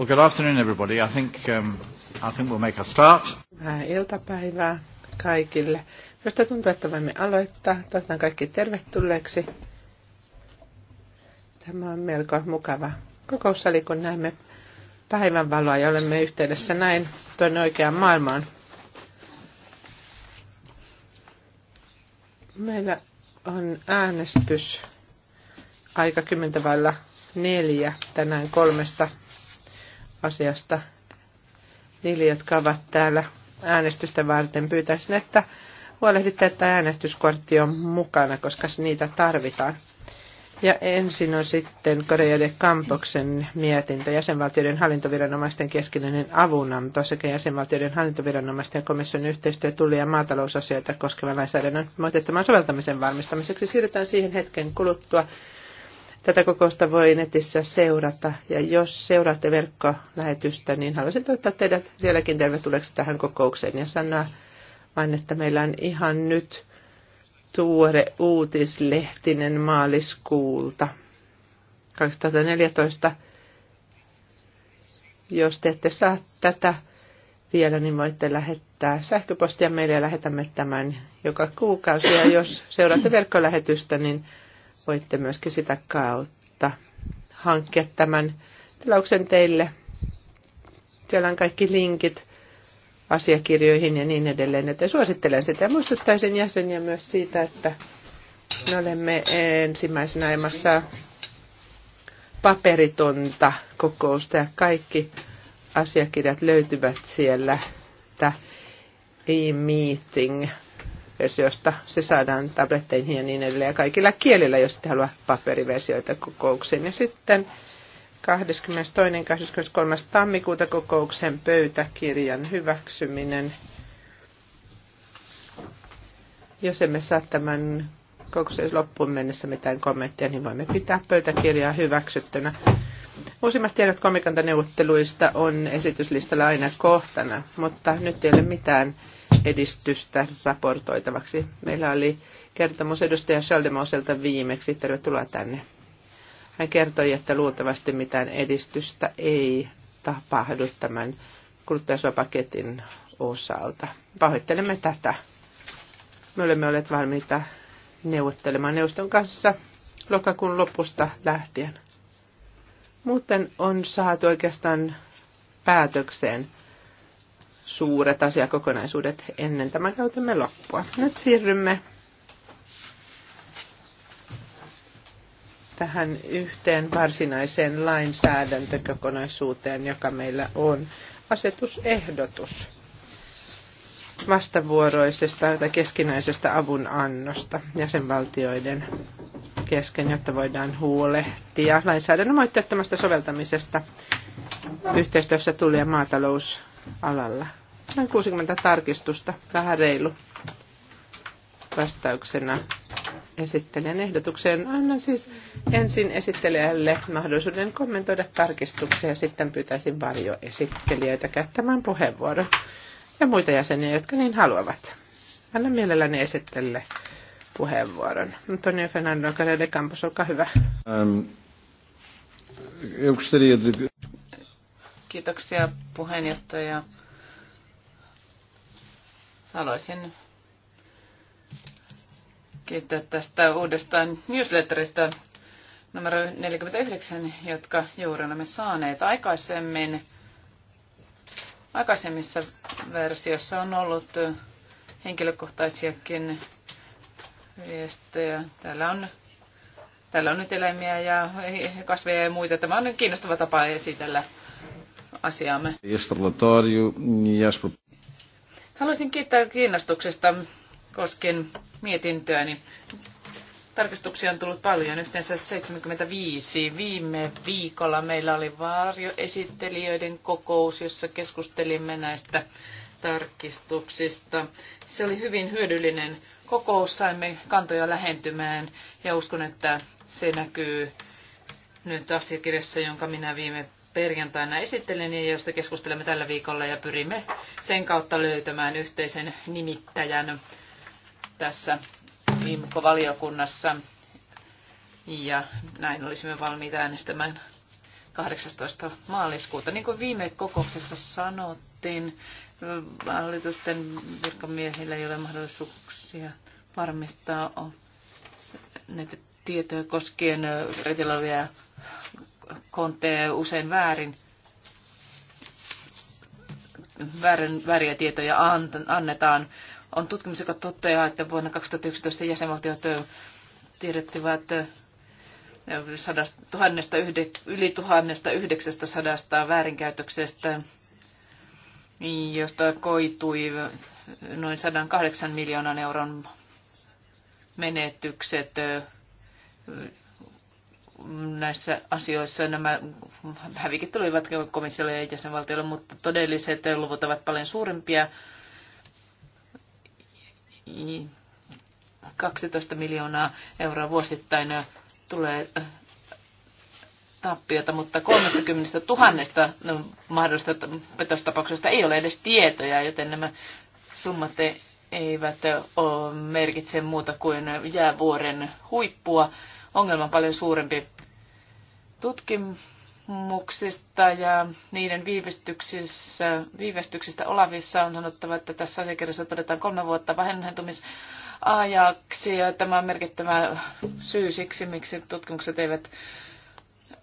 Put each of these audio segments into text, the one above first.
Well, good afternoon everybody. I think, um, I think we'll make a start. Hyvää iltapäivää kaikille. Minusta tuntuu, että voimme aloittaa. Toivotan kaikki tervetulleeksi. Tämä on melko mukava kokoussali, kun näemme päivänvaloa ja olemme yhteydessä näin tuonne oikeaan maailmaan. Meillä on äänestys aika kymmentä neljä tänään kolmesta asiasta niille, jotka ovat täällä äänestystä varten. Pyytäisin, että huolehditte, että äänestyskortti on mukana, koska niitä tarvitaan. Ja ensin on sitten Korea de Kampoksen mietintö, jäsenvaltioiden hallintoviranomaisten keskinäinen avunanto sekä jäsenvaltioiden hallintoviranomaisten ja komission yhteistyö tuli- ja maatalousasioita koskevan lainsäädännön moitettoman soveltamisen varmistamiseksi. Siirrytään siihen hetken kuluttua. Tätä kokousta voi netissä seurata ja jos seuraatte verkkolähetystä, niin haluaisin toivottaa teidät sielläkin tervetulleeksi tähän kokoukseen ja sanoa vain, että meillä on ihan nyt tuore uutislehtinen maaliskuulta 2014. Jos te ette saa tätä vielä, niin voitte lähettää sähköpostia meille ja lähetämme tämän joka kuukausi. Ja jos seuraatte verkkolähetystä, niin voitte myöskin sitä kautta hankkia tämän tilauksen teille. Siellä on kaikki linkit asiakirjoihin ja niin edelleen, joten suosittelen sitä. Muistuttaisin jäseniä myös siitä, että me olemme ensimmäisenä aiemmassa paperitonta kokousta ja kaikki asiakirjat löytyvät siellä. Tämä e-meeting versiosta. Se saadaan tabletteihin ja niin edelleen ja kaikilla kielillä, jos ette halua paperiversioita kokouksiin. Ja sitten 22. 23. tammikuuta kokouksen pöytäkirjan hyväksyminen. Jos emme saa tämän kokouksen loppuun mennessä mitään kommenttia, niin voimme pitää pöytäkirjaa hyväksyttynä. Uusimmat tiedot kolmikantaneuvotteluista on esityslistalla aina kohtana, mutta nyt ei ole mitään edistystä raportoitavaksi. Meillä oli kertomus edustaja Schaldemoselta viimeksi. Tervetuloa tänne. Hän kertoi, että luultavasti mitään edistystä ei tapahdu tämän kuluttajasuopaketin osalta. Pahoittelemme tätä. Me olemme olleet valmiita neuvottelemaan neuvoston kanssa lokakuun lopusta lähtien. Muuten on saatu oikeastaan päätökseen suuret asiakokonaisuudet ennen tämän käytämme loppua. Nyt siirrymme tähän yhteen varsinaiseen lainsäädäntökokonaisuuteen, joka meillä on. Asetusehdotus vastavuoroisesta tai keskinäisestä avunannosta jäsenvaltioiden kesken, jotta voidaan huolehtia lainsäädännön moitteettomasta soveltamisesta yhteistyössä tuli- ja maatalousalalla. Noin 60 tarkistusta, vähän reilu vastauksena esittelijän ehdotukseen. Annan siis ensin esittelijälle mahdollisuuden kommentoida tarkistuksia ja sitten pyytäisin varjoesittelijöitä käyttämään puheenvuoron ja muita jäseniä, jotka niin haluavat. Annan mielelläni esittele puheenvuoron. Antonio Fernando Carrera Campos, olkaa hyvä. Ähm, Kiitoksia puheenjohtaja. Haluaisin kiittää tästä uudestaan newsletteristä numero 49, jotka juuri olemme saaneet aikaisemmin. Aikaisemmissa versioissa on ollut henkilökohtaisiakin viestejä. Täällä on, täällä on nyt eläimiä ja kasveja ja muita. Tämä on kiinnostava tapa esitellä asiaamme. E Haluaisin kiittää kiinnostuksesta koskien mietintöäni. Niin Tarkistuksia on tullut paljon, yhteensä siis 75. Viime viikolla meillä oli varjoesittelijöiden kokous, jossa keskustelimme näistä tarkistuksista. Se oli hyvin hyödyllinen kokous, saimme kantoja lähentymään ja uskon, että se näkyy nyt asiakirjassa, jonka minä viime perjantaina esittelin ja josta keskustelemme tällä viikolla ja pyrimme sen kautta löytämään yhteisen nimittäjän tässä IMKO-valiokunnassa. Ja näin olisimme valmiita äänestämään 18. maaliskuuta. Niin kuin viime kokouksessa sanottiin, hallitusten virkamiehillä ei ole mahdollisuuksia varmistaa näitä tietoja koskien retilavia kontteja usein väärin väärin, vääriä tietoja annetaan on tutkimus, joka toteaa, että vuonna 2011 jäsenvaltiot tiedettivät sadasta, yli 1900 väärinkäytöksestä, josta koitui noin 108 miljoonan euron menetykset näissä asioissa. Nämä hävikit tulivat komissiolle ja jäsenvaltiolle, mutta todelliset luvut ovat paljon suurempia. 12 miljoonaa euroa vuosittain tulee äh, tappiota, mutta 30 000 no, mahdollisesta petostapauksesta ei ole edes tietoja, joten nämä summat e- eivät ole merkitse muuta kuin jäävuoren huippua. Ongelma on paljon suurempi. Tutkimus sopimuksista ja niiden viivästyksistä, viivästyksistä Olavissa on sanottava, että tässä asiakirjassa todetaan kolme vuotta vähentymisajaksi ja tämä on merkittävä syy siksi, miksi tutkimukset eivät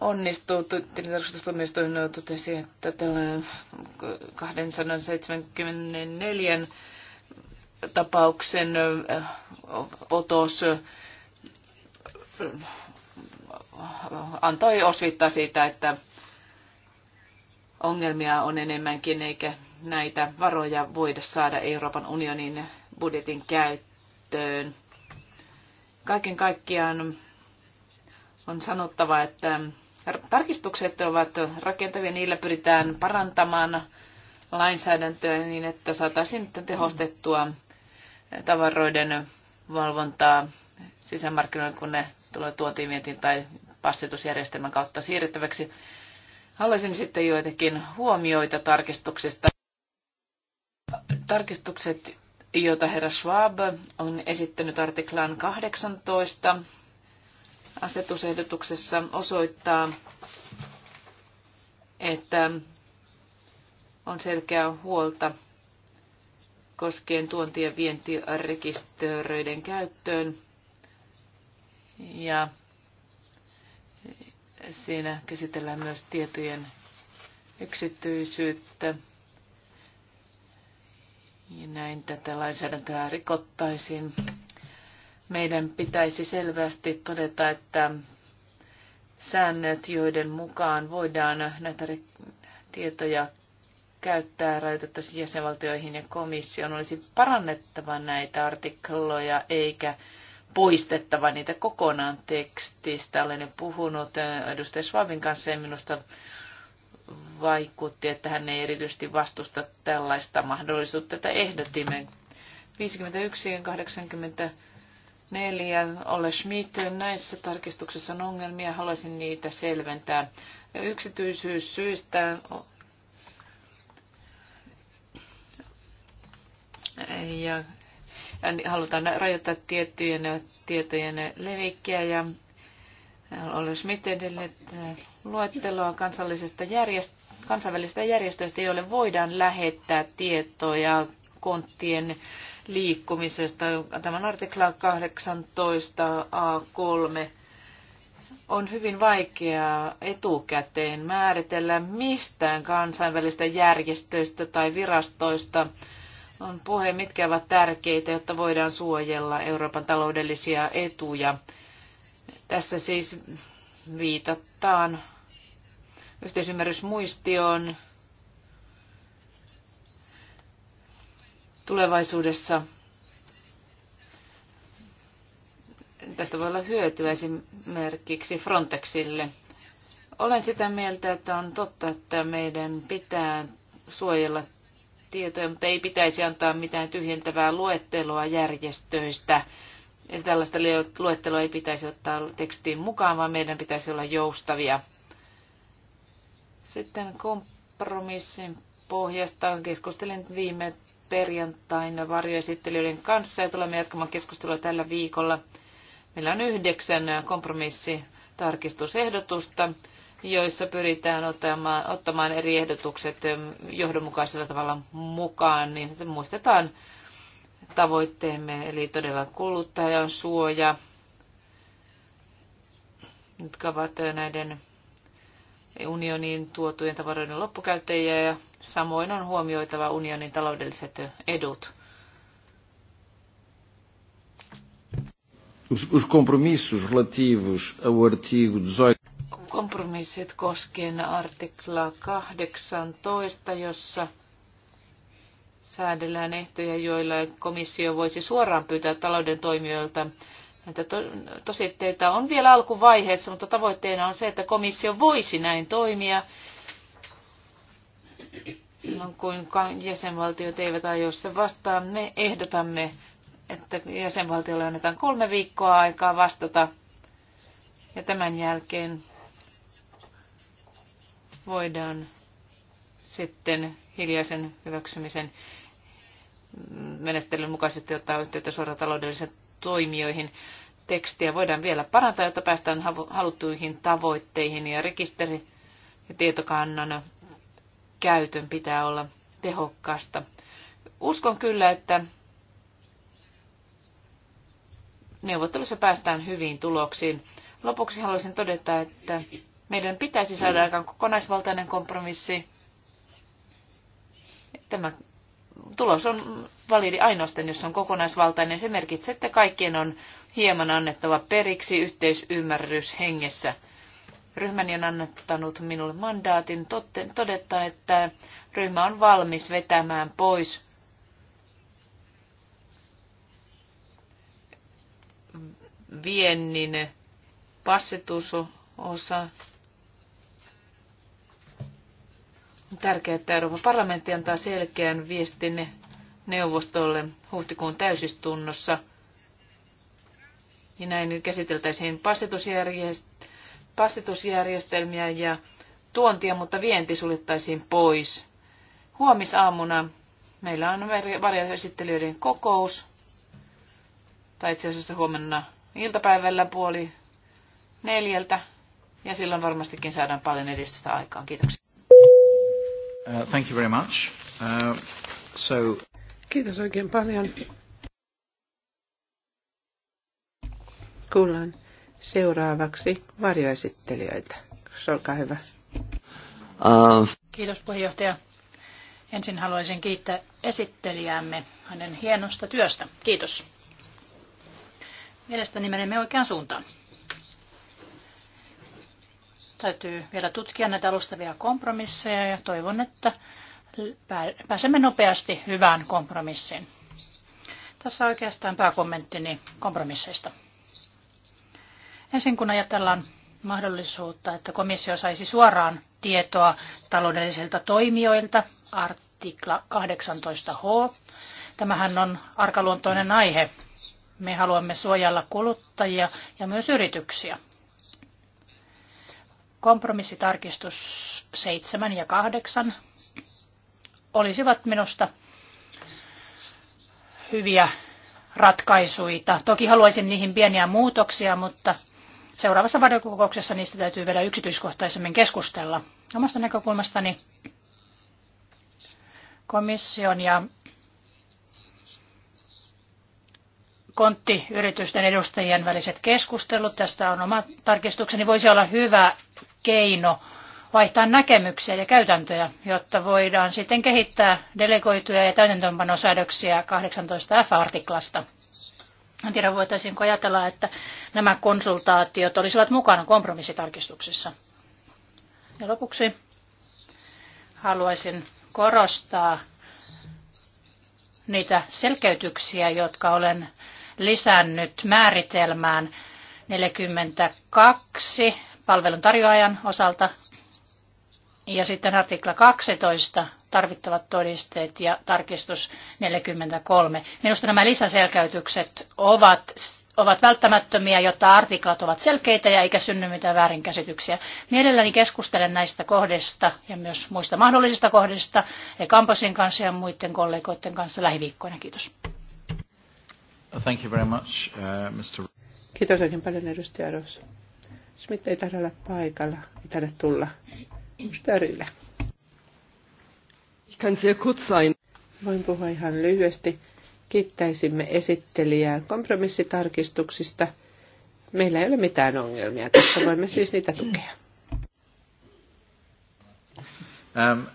onnistu. Tilintarkastustuomioistuin totesi, että tällainen 274 tapauksen äh, otos äh, antoi osvittaa siitä, että ongelmia on enemmänkin, eikä näitä varoja voida saada Euroopan unionin budjetin käyttöön. Kaiken kaikkiaan on sanottava, että tarkistukset ovat rakentavia, niillä pyritään parantamaan lainsäädäntöä niin, että saataisiin tehostettua tavaroiden valvontaa sisämarkkinoilla, kun ne tulee tuotiin tai passitusjärjestelmän kautta siirrettäväksi. Haluaisin sitten joitakin huomioita tarkistuksista. Tarkistukset, joita herra Schwab on esittänyt artiklaan 18 asetusehdotuksessa, osoittaa, että on selkeää huolta koskien tuonti- ja vientirekisteröiden käyttöön ja Siinä käsitellään myös tietojen yksityisyyttä. Ja näin tätä lainsäädäntöä rikottaisiin. Meidän pitäisi selvästi todeta, että säännöt, joiden mukaan voidaan näitä tietoja käyttää, rajoitettaisiin jäsenvaltioihin ja komissioon. Olisi parannettava näitä artikloja eikä poistettava niitä kokonaan tekstistä. Olen jo puhunut äh, edustaja Schwabin kanssa ja minusta vaikutti, että hän ei erityisesti vastusta tällaista mahdollisuutta, että ehdotimme 51 ja 84 Ole Schmidt. Näissä tarkistuksissa on ongelmia, haluaisin niitä selventää. yksityisyys syistä ja halutaan rajoittaa tiettyjen tietojen levikkiä ja olisi miten luetteloa kansallisesta järjest- kansainvälisestä järjestöistä, joille voidaan lähettää tietoja konttien liikkumisesta. Tämän artikla 18a3 on hyvin vaikeaa etukäteen määritellä mistään kansainvälistä järjestöistä tai virastoista – on puhe, mitkä ovat tärkeitä, jotta voidaan suojella Euroopan taloudellisia etuja. Tässä siis viitataan yhteisymmärrysmuistioon tulevaisuudessa. Tästä voi olla hyötyä esimerkiksi Frontexille. Olen sitä mieltä, että on totta, että meidän pitää suojella tietoja, mutta ei pitäisi antaa mitään tyhjentävää luetteloa järjestöistä. Eli tällaista luetteloa ei pitäisi ottaa tekstiin mukaan, vaan meidän pitäisi olla joustavia. Sitten kompromissin pohjasta keskustelin viime perjantaina varjoesittelijöiden kanssa ja tulemme jatkamaan keskustelua tällä viikolla. Meillä on yhdeksän kompromissitarkistusehdotusta joissa pyritään ottamaan, ottamaan eri ehdotukset johdonmukaisella tavalla mukaan, niin muistetaan tavoitteemme, eli todella kuluttajan suoja, jotka ovat näiden unionin tuotujen tavaroiden loppukäyttäjiä ja samoin on huomioitava unionin taloudelliset edut. Os, os compromissos relativos ao artigo 18 kompromissit koskien artiklaa 18, jossa säädellään ehtoja, joilla komissio voisi suoraan pyytää talouden toimijoilta näitä to, tositteita. On vielä alkuvaiheessa, mutta tavoitteena on se, että komissio voisi näin toimia silloin, kun jäsenvaltiot eivät aio se vastaan. Me ehdotamme, että jäsenvaltiolle annetaan kolme viikkoa aikaa vastata ja tämän jälkeen voidaan sitten hiljaisen hyväksymisen menettelyn mukaisesti ottaa yhteyttä suoraan taloudellisiin toimijoihin. Tekstiä voidaan vielä parantaa, jotta päästään haluttuihin tavoitteihin ja rekisteri- ja tietokannan käytön pitää olla tehokkaasta. Uskon kyllä, että neuvottelussa päästään hyviin tuloksiin. Lopuksi haluaisin todeta, että meidän pitäisi saada aikaan kokonaisvaltainen kompromissi. Tämä tulos on validi ainoastaan, jos on kokonaisvaltainen. Se merkitsee, että kaikkien on hieman annettava periksi yhteisymmärrys hengessä. Ryhmäni on annettanut minulle mandaatin todeta, että ryhmä on valmis vetämään pois viennin passetusosa. On tärkeää, että Euroopan parlamentti antaa selkeän viestin neuvostolle huhtikuun täysistunnossa. Ja näin käsiteltäisiin passitusjärjestelmiä ja tuontia, mutta vienti suljettaisiin pois. Huomisaamuna meillä on varjoesittelijöiden kokous, tai itse asiassa huomenna iltapäivällä puoli neljältä, ja silloin varmastikin saadaan paljon edistystä aikaan. Kiitoksia. Uh, thank you very much. Uh, so... Kiitos oikein paljon. Kuullaan seuraavaksi varjoesittelijöitä. Olkaa hyvä. Uh. Kiitos puheenjohtaja. Ensin haluaisin kiittää esittelijäämme hänen hienosta työstä. Kiitos. Mielestäni menemme oikeaan suuntaan. Täytyy vielä tutkia näitä alustavia kompromisseja ja toivon, että pääsemme nopeasti hyvään kompromissiin. Tässä oikeastaan pääkommenttini kompromisseista. Ensin kun ajatellaan mahdollisuutta, että komissio saisi suoraan tietoa taloudellisilta toimijoilta, artikla 18h. Tämähän on arkaluontoinen aihe. Me haluamme suojella kuluttajia ja myös yrityksiä kompromissitarkistus 7 ja 8 olisivat minusta hyviä ratkaisuja. Toki haluaisin niihin pieniä muutoksia, mutta seuraavassa valiokokouksessa niistä täytyy vielä yksityiskohtaisemmin keskustella. Omasta näkökulmastani komission ja konttiyritysten edustajien väliset keskustelut. Tästä on oma tarkistukseni. Voisi olla hyvä keino vaihtaa näkemyksiä ja käytäntöjä, jotta voidaan sitten kehittää delegoituja ja täytäntöönpanosäädöksiä 18F-artiklasta. En tiedä, voitaisiinko ajatella, että nämä konsultaatiot olisivat mukana kompromissitarkistuksissa. Ja lopuksi haluaisin korostaa niitä selkeytyksiä, jotka olen lisännyt määritelmään 42 palvelun tarjoajan osalta ja sitten artikla 12 tarvittavat todisteet ja tarkistus 43. Minusta nämä lisäselkäytykset ovat, ovat välttämättömiä, jotta artiklat ovat selkeitä ja eikä synny mitään väärinkäsityksiä. Mielelläni keskustelen näistä kohdista ja myös muista mahdollisista kohdista ja Kamposin kanssa ja muiden kollegoiden kanssa lähiviikkoina. Kiitos. Thank you very much, uh, Mr. Kiitos oikein paljon edustaja Ros. Smith ei taida olla paikalla, ei taida tulla. Störille. Ich kann sehr kurz sein. Voin puhua ihan lyhyesti. Kiittäisimme esittelijää kompromissitarkistuksista. Meillä ei ole mitään ongelmia tässä, voimme siis niitä tukea. Um,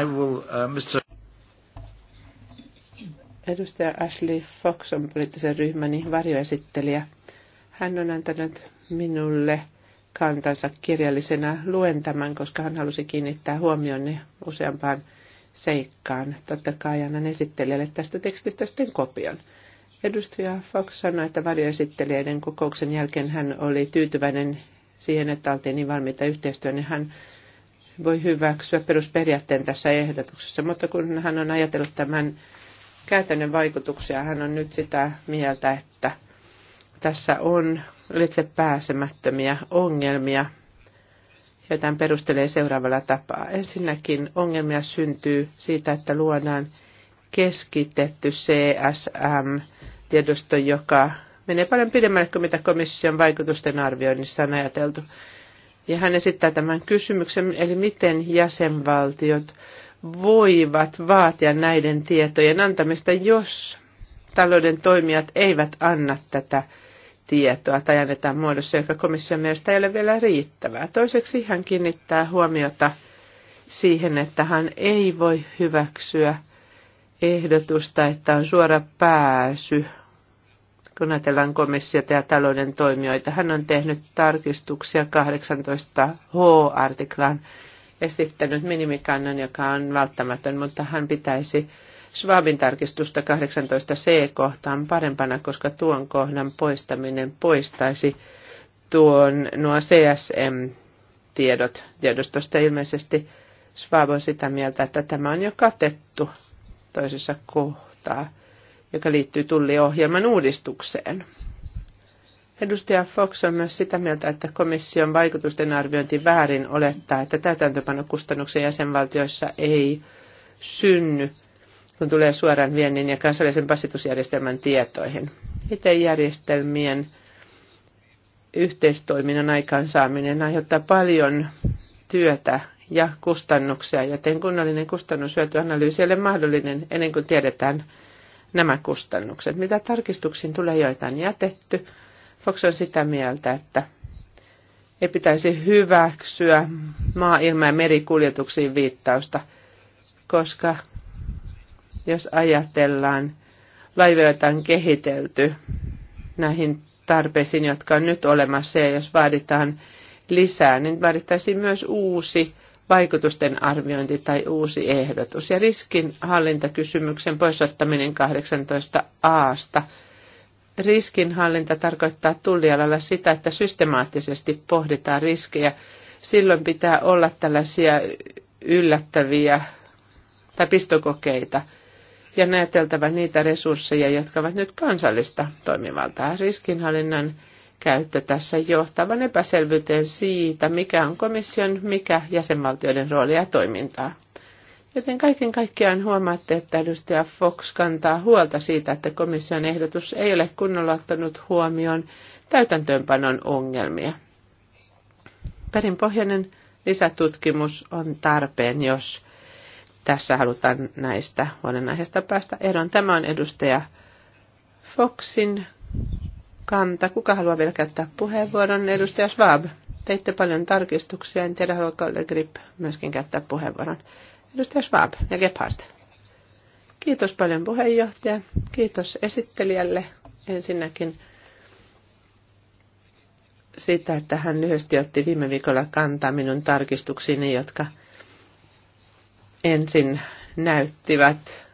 I will, uh, Mr. Edustaja Ashley Fox on poliittisen ryhmäni varjoesittelijä. Hän on antanut minulle kantansa kirjallisena. Luen tämän, koska hän halusi kiinnittää huomionne useampaan seikkaan. Totta kai annan esittelijälle tästä tekstistä sitten kopion. Edustaja Fox sanoi, että varjoesittelijöiden kokouksen jälkeen hän oli tyytyväinen siihen, että oltiin niin valmiita yhteistyöhön. Niin hän voi hyväksyä perusperiaatteen tässä ehdotuksessa, mutta kun hän on ajatellut tämän käytännön vaikutuksia. Hän on nyt sitä mieltä, että tässä on ylitse pääsemättömiä ongelmia, joita hän perustelee seuraavalla tapaa. Ensinnäkin ongelmia syntyy siitä, että luodaan keskitetty CSM-tiedosto, joka menee paljon pidemmälle kuin mitä komission vaikutusten arvioinnissa on ajateltu. Ja hän esittää tämän kysymyksen, eli miten jäsenvaltiot voivat vaatia näiden tietojen antamista, jos talouden toimijat eivät anna tätä tietoa tai annetaan muodossa, joka komission mielestä ei ole vielä riittävää. Toiseksi hän kiinnittää huomiota siihen, että hän ei voi hyväksyä ehdotusta, että on suora pääsy, kun ajatellaan komissiota ja talouden toimijoita. Hän on tehnyt tarkistuksia 18H-artiklaan esittänyt minimikannan, joka on välttämätön, mutta hän pitäisi Schwabin tarkistusta 18c-kohtaan parempana, koska tuon kohdan poistaminen poistaisi tuon nuo CSM-tiedot tiedostosta. Ilmeisesti Schwab on sitä mieltä, että tämä on jo katettu toisessa kohtaa, joka liittyy tulliohjelman uudistukseen. Edustaja Fox on myös sitä mieltä, että komission vaikutusten arviointi väärin olettaa, että täytäntöpanokustannuksia jäsenvaltioissa ei synny, kun tulee suoraan viennin ja kansallisen passitusjärjestelmän tietoihin. Itse järjestelmien yhteistoiminnan aikaansaaminen aiheuttaa paljon työtä ja kustannuksia, joten kunnallinen kustannushyötyanalyysi ei ole mahdollinen ennen kuin tiedetään nämä kustannukset. Mitä tarkistuksiin tulee, joitain jätetty, Fox on sitä mieltä, että ei pitäisi hyväksyä maa-, ilma- ja merikuljetuksiin viittausta, koska jos ajatellaan laivoja, joita on kehitelty näihin tarpeisiin, jotka on nyt olemassa, ja jos vaaditaan lisää, niin vaadittaisiin myös uusi vaikutusten arviointi tai uusi ehdotus. Ja riskinhallintakysymyksen poisottaminen 18 aasta. Riskinhallinta tarkoittaa tullialalla sitä, että systemaattisesti pohditaan riskejä. Silloin pitää olla tällaisia yllättäviä tai pistokokeita ja näyteltävä niitä resursseja, jotka ovat nyt kansallista toimivaltaa. Riskinhallinnan käyttö tässä johtavan epäselvyyteen siitä, mikä on komission, mikä jäsenvaltioiden roolia ja toimintaa. Joten kaiken kaikkiaan huomaatte, että edustaja Fox kantaa huolta siitä, että komission ehdotus ei ole kunnolla ottanut huomioon täytäntöönpanon ongelmia. Perinpohjainen lisätutkimus on tarpeen, jos tässä halutaan näistä huolenaiheista päästä eroon. Tämä on edustaja Foxin kanta. Kuka haluaa vielä käyttää puheenvuoron? Edustaja Schwab. Teitte paljon tarkistuksia. En tiedä, haluaako Grip myöskin käyttää puheenvuoron. Edustaja Schwab ja Gebhardt. Kiitos paljon puheenjohtaja. Kiitos esittelijälle ensinnäkin sitä, että hän lyhyesti otti viime viikolla kantaa minun tarkistuksiini, jotka ensin näyttivät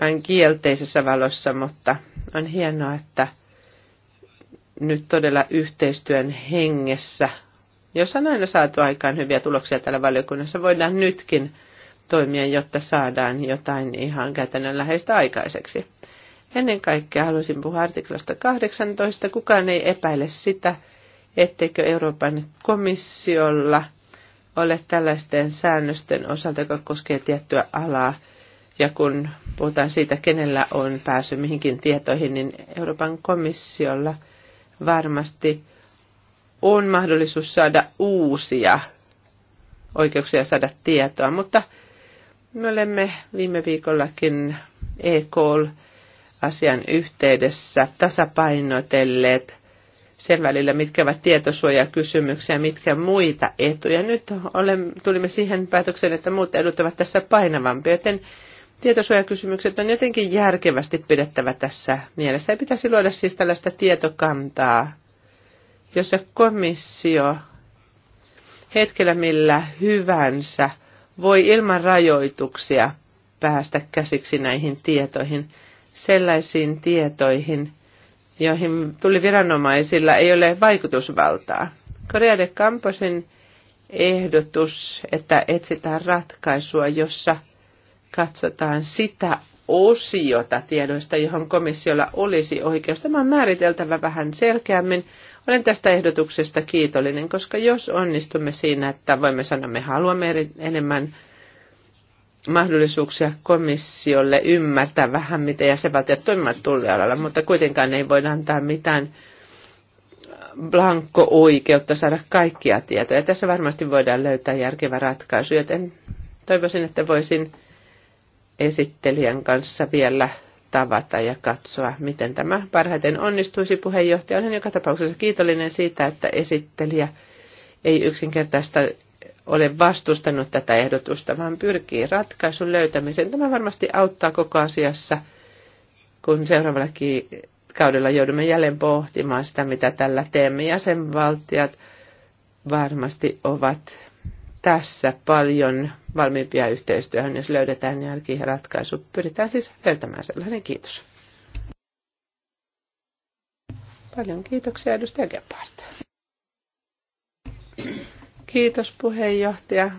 vähän kielteisessä valossa, mutta on hienoa, että nyt todella yhteistyön hengessä – jos on aina saatu aikaan hyviä tuloksia tällä valiokunnassa, voidaan nytkin toimia, jotta saadaan jotain ihan käytännönläheistä aikaiseksi. Ennen kaikkea haluaisin puhua artiklasta 18. Kukaan ei epäile sitä, etteikö Euroopan komissiolla ole tällaisten säännösten osalta, joka koskee tiettyä alaa, ja kun puhutaan siitä, kenellä on pääsy mihinkin tietoihin, niin Euroopan komissiolla varmasti on mahdollisuus saada uusia oikeuksia saada tietoa, mutta me olemme viime viikollakin EK-asian yhteydessä tasapainotelleet sen välillä, mitkä ovat tietosuojakysymyksiä ja mitkä muita etuja. Nyt olen, tulimme siihen päätökseen, että muut edut ovat tässä painavampia, joten tietosuojakysymykset on jotenkin järkevästi pidettävä tässä mielessä. Ei pitäisi luoda siis tällaista tietokantaa jossa komissio hetkellä millä hyvänsä voi ilman rajoituksia päästä käsiksi näihin tietoihin, sellaisiin tietoihin, joihin tuli viranomaisilla ei ole vaikutusvaltaa. Korea de Camposin ehdotus, että etsitään ratkaisua, jossa katsotaan sitä osiota tiedoista, johon komissiolla olisi oikeus. Tämä on määriteltävä vähän selkeämmin olen tästä ehdotuksesta kiitollinen, koska jos onnistumme siinä, että voimme sanoa, me haluamme enemmän mahdollisuuksia komissiolle ymmärtää vähän, mitä jäsenvaltiot toimivat tullialalla, mutta kuitenkaan ei voida antaa mitään blanko-oikeutta saada kaikkia tietoja. Tässä varmasti voidaan löytää järkevä ratkaisu, joten toivoisin, että voisin esittelijän kanssa vielä tavata ja katsoa, miten tämä parhaiten onnistuisi. Puheenjohtaja olen joka tapauksessa kiitollinen siitä, että esittelijä ei yksinkertaista ole vastustanut tätä ehdotusta, vaan pyrkii ratkaisun löytämiseen. Tämä varmasti auttaa koko asiassa, kun seuraavalla kaudella joudumme jälleen pohtimaan sitä, mitä tällä teemme. Jäsenvaltiot varmasti ovat tässä paljon valmiimpia yhteistyöhön, jos löydetään jälkiin ratkaisu. Pyritään siis löytämään sellainen. Kiitos. Paljon kiitoksia edustaja Gebhardt. Kiitos puheenjohtaja.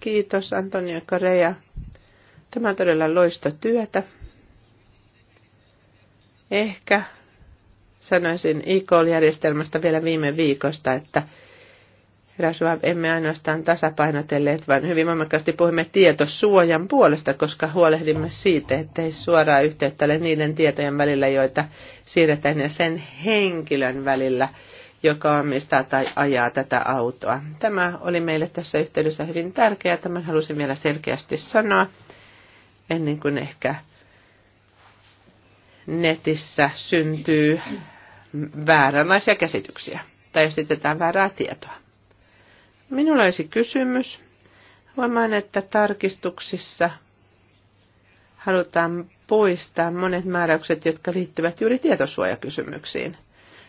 Kiitos Antonio Korea. Tämä on todella loista työtä. Ehkä sanoisin IKOL-järjestelmästä vielä viime viikosta, että Herra emme ainoastaan tasapainotelleet, vaan hyvin voimakkaasti puhumme tietosuojan puolesta, koska huolehdimme siitä, ettei suoraa yhteyttä ole niiden tietojen välillä, joita siirretään, ja sen henkilön välillä, joka omistaa tai ajaa tätä autoa. Tämä oli meille tässä yhteydessä hyvin tärkeää, tämän halusin vielä selkeästi sanoa, ennen kuin ehkä netissä syntyy vääränlaisia käsityksiä tai esitetään väärää tietoa. Minulla olisi kysymys. Huomaan, että tarkistuksissa halutaan poistaa monet määräykset, jotka liittyvät juuri tietosuojakysymyksiin.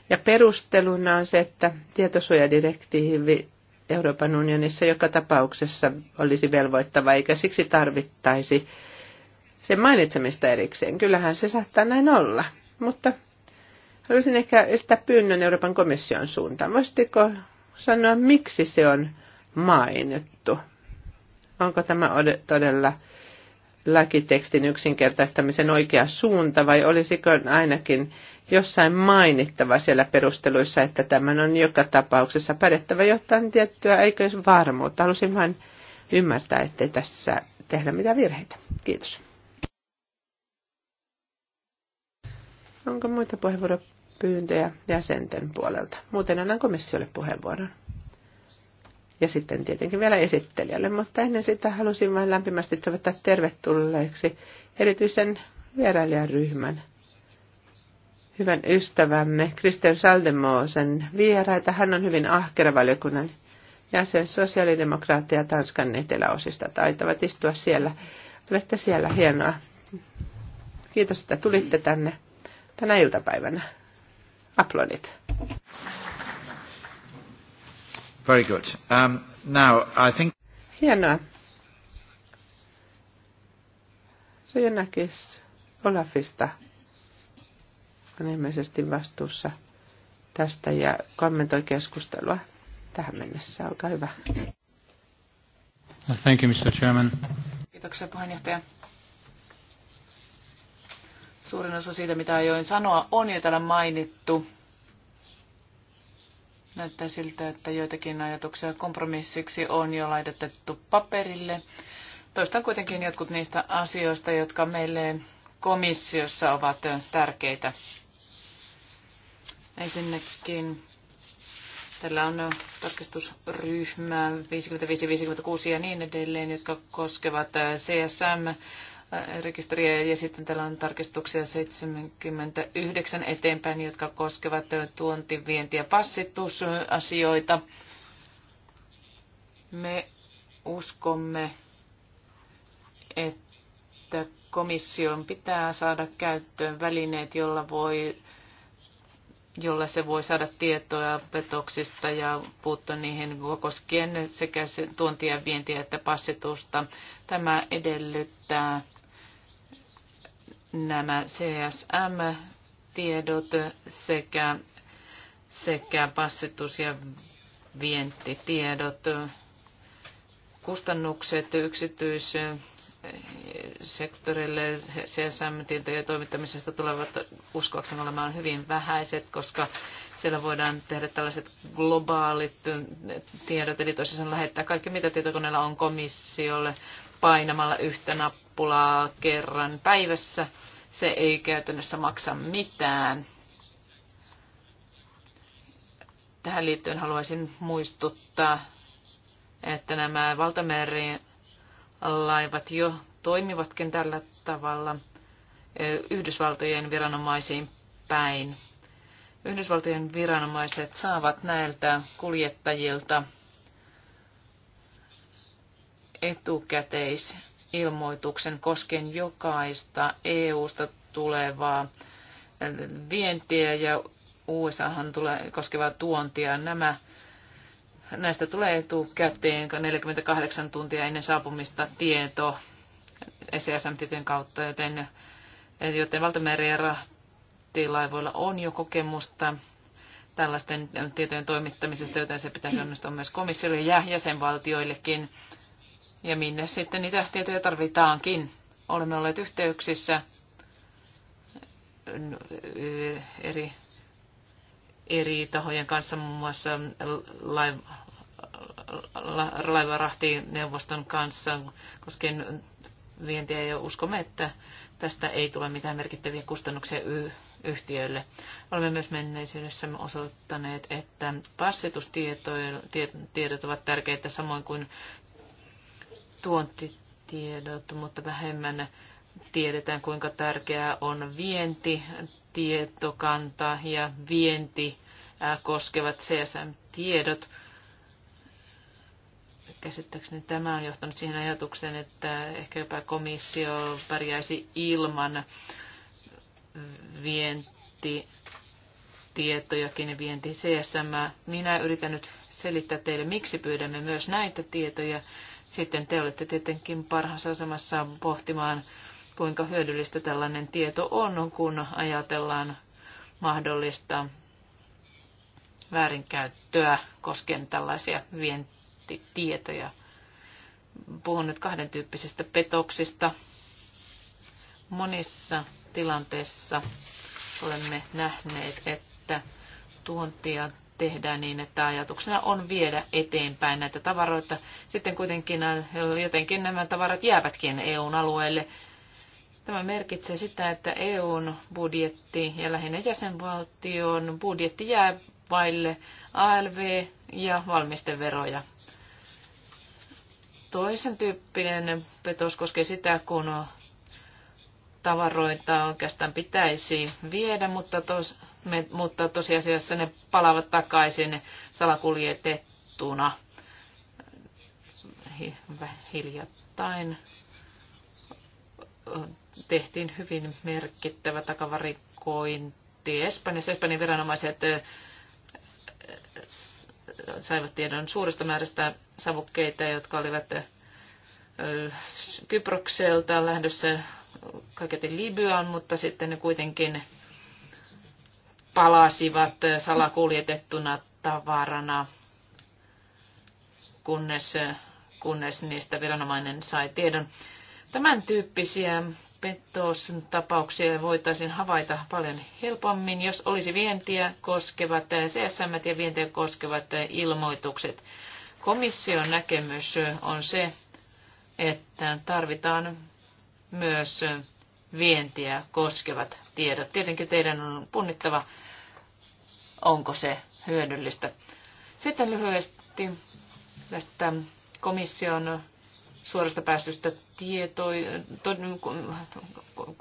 Ja perusteluna on se, että tietosuojadirektiivi Euroopan unionissa joka tapauksessa olisi velvoittava, eikä siksi tarvittaisi sen mainitsemista erikseen. Kyllähän se saattaa näin olla, mutta haluaisin ehkä estää pyynnön Euroopan komission suuntaan. Voisitteko sanoa, miksi se on mainittu. Onko tämä todella lakitekstin yksinkertaistamisen oikea suunta vai olisiko ainakin jossain mainittava siellä perusteluissa, että tämän on joka tapauksessa pädettävä jotain tiettyä eikö varmuutta? Halusin vain ymmärtää, ettei tässä tehdä mitään virheitä. Kiitos. Onko muita puheenvuoroja pyyntöjä jäsenten puolelta. Muuten annan komissiolle puheenvuoron. Ja sitten tietenkin vielä esittelijälle, mutta ennen sitä halusin vain lämpimästi toivottaa tervetulleeksi erityisen vierailijaryhmän. Hyvän ystävämme Kristen Saldemosen vieraita. Hän on hyvin ahkera valiokunnan jäsen sosiaalidemokraattia Tanskan eteläosista. Taitavat istua siellä. Olette siellä hienoa. Kiitos, että tulitte tänne tänä iltapäivänä. Aplodit. Very good. Um, now, I think... Hienoa. Rienakis Olafista on ilmeisesti vastuussa tästä ja kommentoi keskustelua tähän mennessä. Olkaa hyvä. Thank you, Mr. Chairman. Kiitoksia puheenjohtaja. Suurin osa siitä, mitä ajoin sanoa, on jo täällä mainittu. Näyttää siltä, että joitakin ajatuksia kompromissiksi on jo laitettu paperille. Toistan kuitenkin jotkut niistä asioista, jotka meille komissiossa ovat tärkeitä. Ensinnäkin Tällä on tarkistusryhmä 55-56 ja niin edelleen, jotka koskevat CSM, rekisteriä ja sitten täällä on tarkistuksia 79 eteenpäin, jotka koskevat tuonti, vienti ja passitusasioita. Me uskomme, että komission pitää saada käyttöön välineet, jolla voi jolla se voi saada tietoa petoksista ja puuttua niihin koskien sekä tuontia, vientiä että passitusta. Tämä edellyttää nämä CSM-tiedot sekä, sekä passitus- ja vientitiedot, kustannukset yksityisen sektorille CSM-tietojen toimittamisesta tulevat uskoakseni olemaan hyvin vähäiset, koska siellä voidaan tehdä tällaiset globaalit tiedot, eli tosiaan lähettää kaikki, mitä tietokoneella on komissiolle painamalla yhtä nappulaa kerran päivässä. Se ei käytännössä maksa mitään. Tähän liittyen haluaisin muistuttaa, että nämä valtamerien laivat jo toimivatkin tällä tavalla Yhdysvaltojen viranomaisiin päin. Yhdysvaltojen viranomaiset saavat näiltä kuljettajilta etukäteisilmoituksen koskien jokaista EU-sta tulevaa äh, vientiä ja USAhan tulee, koskevaa tuontia. Nämä, näistä tulee etukäteen 48 tuntia ennen saapumista tieto SESM-tietojen kautta, joten, joten valtameri- ja rahtilaivoilla on jo kokemusta tällaisten tietojen toimittamisesta, joten se pitäisi onnistua myös komissiolle ja jäsenvaltioillekin ja minne sitten niitä tietoja tarvitaankin. Olemme olleet yhteyksissä eri, eri tahojen kanssa, muun muassa laivarahtineuvoston kanssa koskien vientiä ja uskomme, että tästä ei tule mitään merkittäviä kustannuksia yhtiöille. Olemme myös menneisyydessä osoittaneet, että passitustiedot ovat tärkeitä samoin kuin tuontitiedot, mutta vähemmän tiedetään, kuinka tärkeää on vienti, tietokanta ja vienti äh, koskevat CSM-tiedot. Käsittääkseni tämä on johtanut siihen ajatukseen, että ehkä jopa komissio pärjäisi ilman vientitietojakin ja vienti CSM. Minä yritän nyt selittää teille, miksi pyydämme myös näitä tietoja sitten te olette tietenkin parhaassa asemassa pohtimaan, kuinka hyödyllistä tällainen tieto on, kun ajatellaan mahdollista väärinkäyttöä koskien tällaisia vientitietoja. Puhun nyt kahden tyyppisistä petoksista. Monissa tilanteissa olemme nähneet, että tuontia tehdään niin, että ajatuksena on viedä eteenpäin näitä tavaroita. Sitten kuitenkin äh, jotenkin nämä tavarat jäävätkin EUn alueelle. Tämä merkitsee sitä, että EUn budjetti ja lähinnä jäsenvaltion budjetti jää vaille ALV- ja valmisteveroja. Toisen tyyppinen petos koskee sitä, kun tavaroita oikeastaan pitäisi viedä, mutta, tos, me, mutta tosiasiassa ne palaavat takaisin salakuljetettuna hiljattain tehtiin hyvin merkittävä takavarikointi Espanjassa. Espanjan viranomaiset saivat tiedon suuresta määrästä savukkeita, jotka olivat Kyprokselta lähdössä kaiketi Libyaan, mutta sitten ne kuitenkin palasivat salakuljetettuna tavarana, kunnes, kunnes niistä viranomainen sai tiedon. Tämän tyyppisiä petostapauksia voitaisiin havaita paljon helpommin, jos olisi vientiä koskevat, CSM ja vientiä koskevat ilmoitukset. Komission näkemys on se, että tarvitaan myös vientiä koskevat tiedot. Tietenkin teidän on punnittava, onko se hyödyllistä. Sitten lyhyesti tästä komission suorasta päästöstä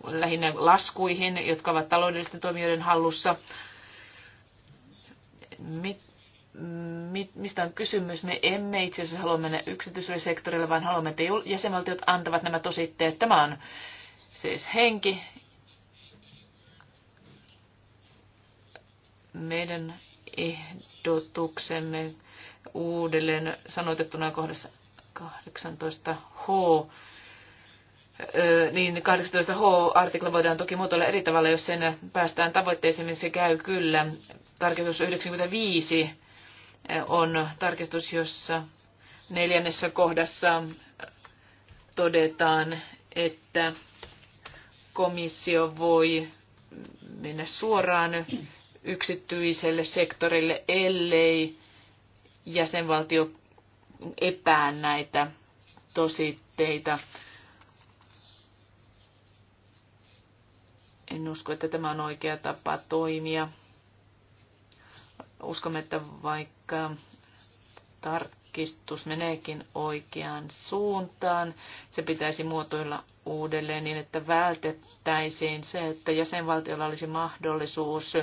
lähinnä laskuihin, jotka ovat taloudellisten toimijoiden hallussa. Mit, mistä on kysymys. Me emme itse asiassa halua mennä yksityiselle sektorille, vaan haluamme, että jäsenvaltiot antavat nämä tositteet. Tämä on siis henki. Meidän ehdotuksemme uudelleen sanoitettuna kohdassa 18h niin 18H-artikla voidaan toki muotoilla eri tavalla, jos sen päästään tavoitteeseen, niin se käy kyllä. Tarkoitus 95 on tarkistus, jossa neljännessä kohdassa todetaan, että komissio voi mennä suoraan yksityiselle sektorille, ellei jäsenvaltio epää näitä tositteita. En usko, että tämä on oikea tapa toimia. Uskomme, että vaikka tarkistus meneekin oikeaan suuntaan, se pitäisi muotoilla uudelleen niin, että vältettäisiin se, että jäsenvaltiolla olisi mahdollisuus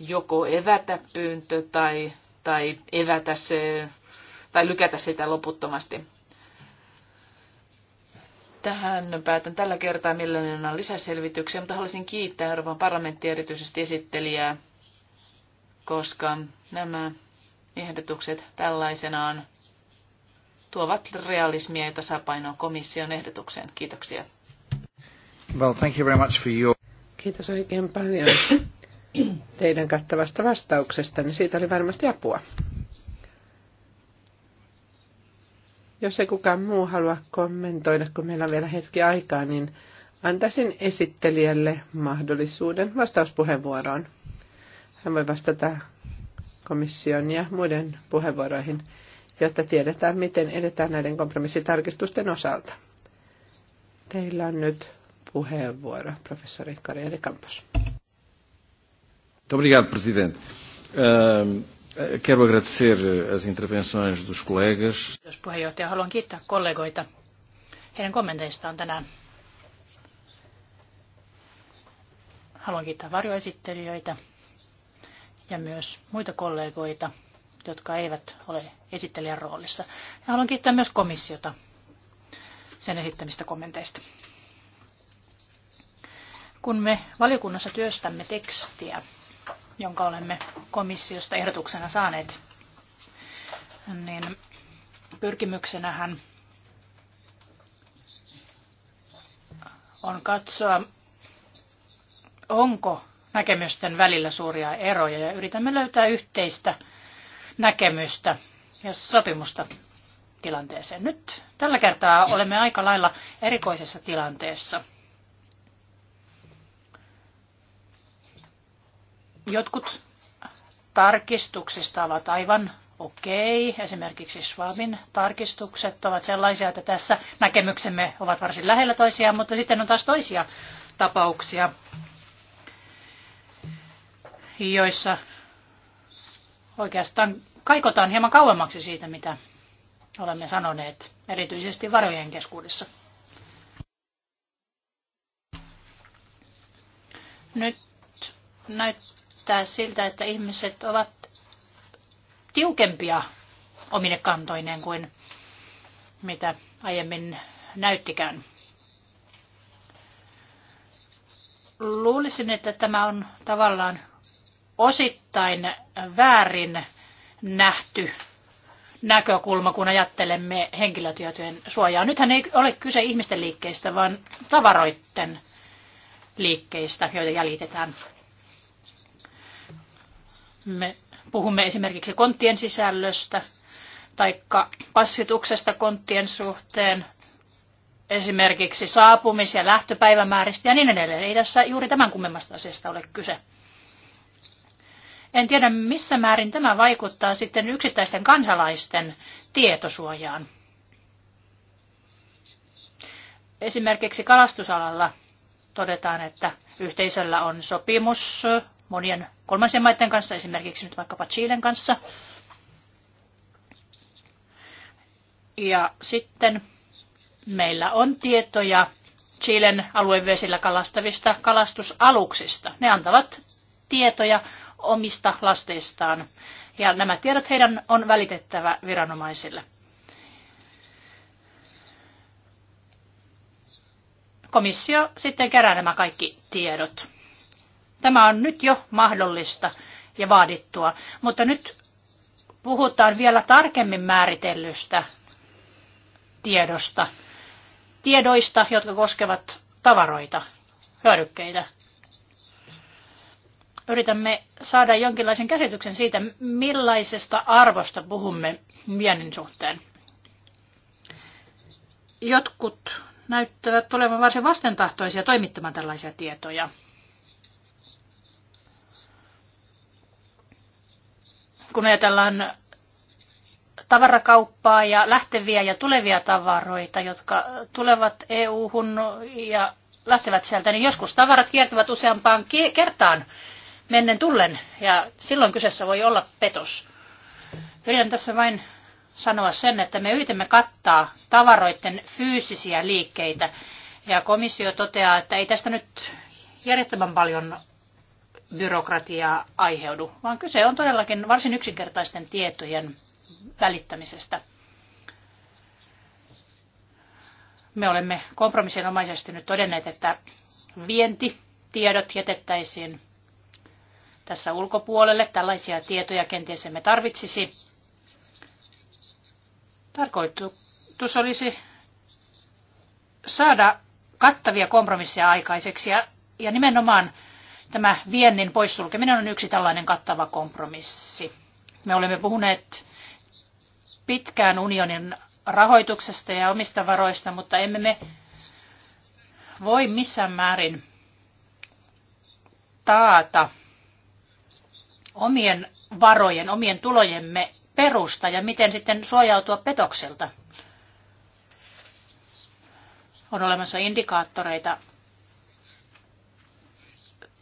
joko evätä pyyntö tai, tai evätä se tai lykätä sitä loputtomasti. Tähän päätän tällä kertaa mielelläni lisäselvityksiä, mutta haluaisin kiittää Euroopan parlamenttia erityisesti esittelijää koska nämä ehdotukset tällaisenaan tuovat realismia ja tasapainoa komission ehdotukseen. Kiitoksia. Well, thank you very much for your... Kiitos oikein paljon teidän kattavasta vastauksesta, niin siitä oli varmasti apua. Jos ei kukaan muu halua kommentoida, kun meillä on vielä hetki aikaa, niin antaisin esittelijälle mahdollisuuden vastauspuheenvuoroon. Hän voi vastata komission ja muiden puheenvuoroihin, jotta tiedetään, miten edetään näiden kompromissitarkistusten osalta. Teillä on nyt puheenvuoro, professori Kari eri Kampos. Obrigado, Presidente. Uh, quero agradecer as intervenções dos colegas. Kiitos puheenjohtaja. Haluan kiittää kollegoita heidän kommenteistaan tänään. Haluan kiittää varjoesittelijöitä ja myös muita kollegoita, jotka eivät ole esittelijän roolissa. Ja haluan kiittää myös komissiota sen esittämistä kommenteista. Kun me valiokunnassa työstämme tekstiä, jonka olemme komissiosta ehdotuksena saaneet, niin pyrkimyksenähän on katsoa, onko näkemysten välillä suuria eroja ja yritämme löytää yhteistä näkemystä ja sopimusta tilanteeseen. Nyt tällä kertaa olemme aika lailla erikoisessa tilanteessa. Jotkut tarkistuksista ovat aivan okei. Okay. Esimerkiksi Schwabin tarkistukset ovat sellaisia, että tässä näkemyksemme ovat varsin lähellä toisiaan, mutta sitten on taas toisia tapauksia, joissa oikeastaan kaikotaan hieman kauemmaksi siitä, mitä olemme sanoneet, erityisesti varojen keskuudessa. Nyt näyttää siltä, että ihmiset ovat tiukempia omine kantoineen kuin mitä aiemmin näyttikään. Luulisin, että tämä on tavallaan osittain väärin nähty näkökulma, kun ajattelemme henkilötietojen suojaa. Nythän ei ole kyse ihmisten liikkeistä, vaan tavaroiden liikkeistä, joita jäljitetään. Me puhumme esimerkiksi konttien sisällöstä tai passituksesta konttien suhteen, esimerkiksi saapumis- ja lähtöpäivämääristä ja niin edelleen. Ei tässä juuri tämän kummemmasta asiasta ole kyse. En tiedä, missä määrin tämä vaikuttaa sitten yksittäisten kansalaisten tietosuojaan. Esimerkiksi kalastusalalla todetaan, että yhteisöllä on sopimus monien kolmansien maiden kanssa, esimerkiksi nyt vaikkapa Chilen kanssa. Ja sitten meillä on tietoja Chilen vesillä kalastavista kalastusaluksista. Ne antavat tietoja omista lasteistaan. Ja nämä tiedot heidän on välitettävä viranomaisille. Komissio sitten kerää nämä kaikki tiedot. Tämä on nyt jo mahdollista ja vaadittua, mutta nyt puhutaan vielä tarkemmin määritellystä tiedosta, tiedoista, jotka koskevat tavaroita, hyödykkeitä yritämme saada jonkinlaisen käsityksen siitä, millaisesta arvosta puhumme viennin suhteen. Jotkut näyttävät tulevan varsin vastentahtoisia toimittamaan tällaisia tietoja. Kun ajatellaan tavarakauppaa ja lähteviä ja tulevia tavaroita, jotka tulevat EU-hun ja lähtevät sieltä, niin joskus tavarat kiertävät useampaan kertaan mennen tullen, ja silloin kyseessä voi olla petos. Yritän tässä vain sanoa sen, että me yritämme kattaa tavaroiden fyysisiä liikkeitä, ja komissio toteaa, että ei tästä nyt järjettömän paljon byrokratiaa aiheudu, vaan kyse on todellakin varsin yksinkertaisten tietojen välittämisestä. Me olemme kompromissinomaisesti nyt todenneet, että vientitiedot jätettäisiin tässä ulkopuolelle. Tällaisia tietoja kenties emme tarvitsisi. Tarkoitus olisi saada kattavia kompromisseja aikaiseksi ja, ja nimenomaan tämä viennin poissulkeminen on yksi tällainen kattava kompromissi. Me olemme puhuneet pitkään unionin rahoituksesta ja omista varoista, mutta emme me voi missään määrin taata omien varojen, omien tulojemme perusta ja miten sitten suojautua petokselta. On olemassa indikaattoreita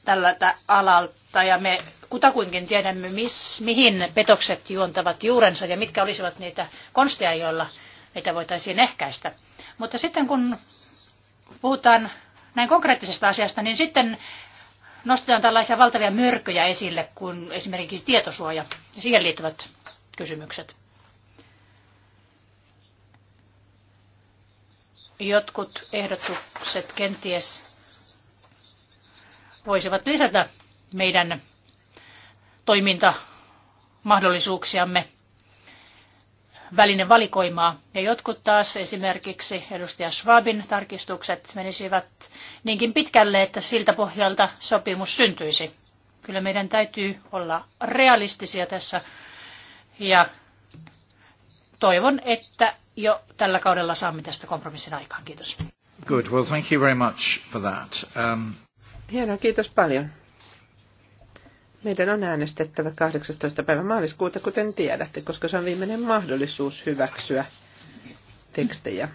tällä alalta ja me kutakuinkin tiedämme, miss, mihin petokset juontavat juurensa ja mitkä olisivat niitä konsteja, joilla niitä voitaisiin ehkäistä. Mutta sitten kun puhutaan näin konkreettisesta asiasta, niin sitten nostetaan tällaisia valtavia mörköjä esille, kun esimerkiksi tietosuoja ja siihen liittyvät kysymykset. Jotkut ehdotukset kenties voisivat lisätä meidän toimintamahdollisuuksiamme välinevalikoimaa. Ja jotkut taas, esimerkiksi edustaja Schwabin tarkistukset, menisivät niinkin pitkälle, että siltä pohjalta sopimus syntyisi. Kyllä meidän täytyy olla realistisia tässä ja toivon, että jo tällä kaudella saamme tästä kompromissin aikaan. Kiitos. Good. Well, thank you very much for that. Um... Hienoa, kiitos paljon. Meidän on äänestettävä 18. päivä maaliskuuta, kuten tiedätte, koska se on viimeinen mahdollisuus hyväksyä tekstejä,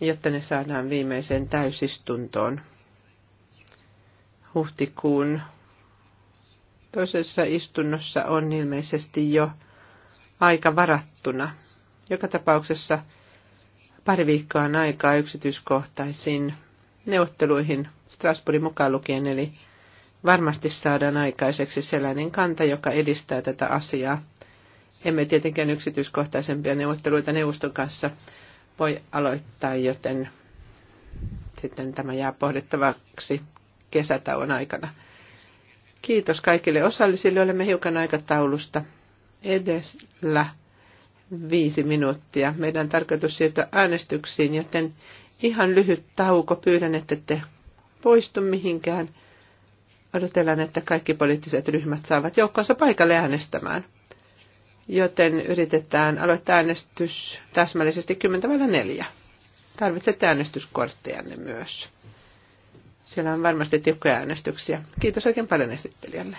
jotta ne saadaan viimeiseen täysistuntoon huhtikuun toisessa istunnossa on ilmeisesti jo aika varattuna. Joka tapauksessa pari viikkoa on aikaa yksityiskohtaisiin neuvotteluihin Strasbourgin mukaan lukien, eli varmasti saadaan aikaiseksi sellainen kanta, joka edistää tätä asiaa. Emme tietenkään yksityiskohtaisempia neuvotteluita neuvoston kanssa voi aloittaa, joten sitten tämä jää pohdittavaksi kesätauon aikana. Kiitos kaikille osallisille. Olemme hiukan aikataulusta edellä viisi minuuttia. Meidän tarkoitus siirtyä äänestyksiin, joten ihan lyhyt tauko. Pyydän, että te poistu mihinkään odotellaan, että kaikki poliittiset ryhmät saavat joukkonsa paikalle äänestämään. Joten yritetään aloittaa äänestys täsmällisesti 10.4. Tarvitsette äänestyskorttejanne myös. Siellä on varmasti tiukkoja äänestyksiä. Kiitos oikein paljon esittelijälle.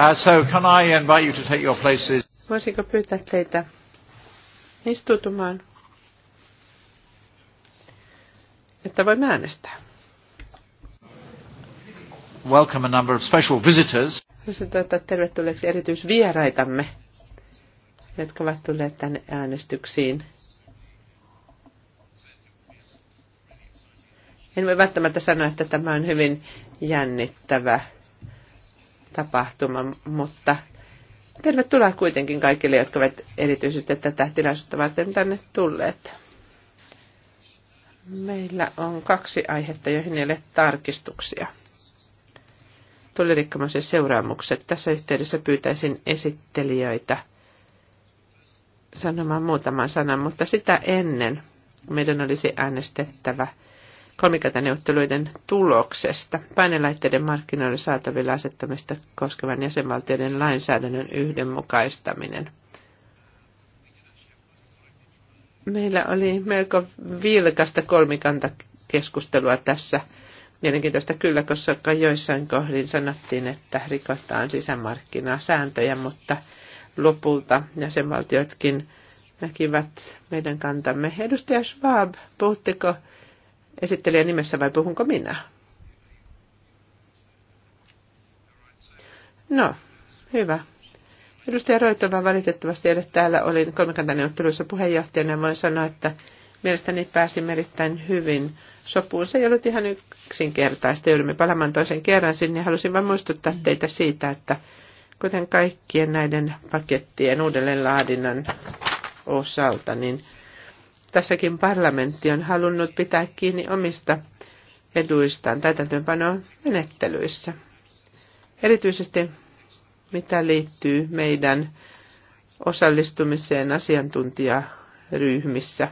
Uh, so can I invite you to take your places? Voisinko pyytää teitä istutumaan, että voimme äänestää? Welcome a number of special visitors. Voisin toivottaa tervetulleeksi erityisvieraitamme, jotka ovat tulleet tänne äänestyksiin. En voi välttämättä sanoa, että tämä on hyvin jännittävä tapahtuma, mutta tervetuloa kuitenkin kaikille, jotka ovat erityisesti tätä tilaisuutta varten tänne tulleet. Meillä on kaksi aihetta, joihin ei ole tarkistuksia. Tullirikkomuksen seuraamukset. Tässä yhteydessä pyytäisin esittelijöitä sanomaan muutaman sanan, mutta sitä ennen meidän olisi äänestettävä – kolmikantaneuvotteluiden tuloksesta painelaitteiden markkinoille saatavilla asettamista koskevan jäsenvaltioiden lainsäädännön yhdenmukaistaminen. Meillä oli melko vilkasta kolmikantakeskustelua tässä. Mielenkiintoista kyllä, koska joissain kohdin sanottiin, että rikotaan sääntöjä, mutta lopulta jäsenvaltiotkin näkivät meidän kantamme. Edustaja Schwab, puhutteko esittelijän nimessä vai puhunko minä? No, hyvä. Edustaja Roitova valitettavasti ei ole täällä. Olin kolmikantaneuvotteluissa puheenjohtajana ja voin sanoa, että mielestäni pääsi erittäin hyvin sopuun. Se ei ollut ihan yksinkertaista. Joudumme palaamaan toisen kerran sinne ja halusin vain muistuttaa teitä siitä, että kuten kaikkien näiden pakettien uudelleenlaadinnan osalta, niin tässäkin parlamentti on halunnut pitää kiinni omista eduistaan täytäntöönpanoon menettelyissä. Erityisesti mitä liittyy meidän osallistumiseen asiantuntijaryhmissä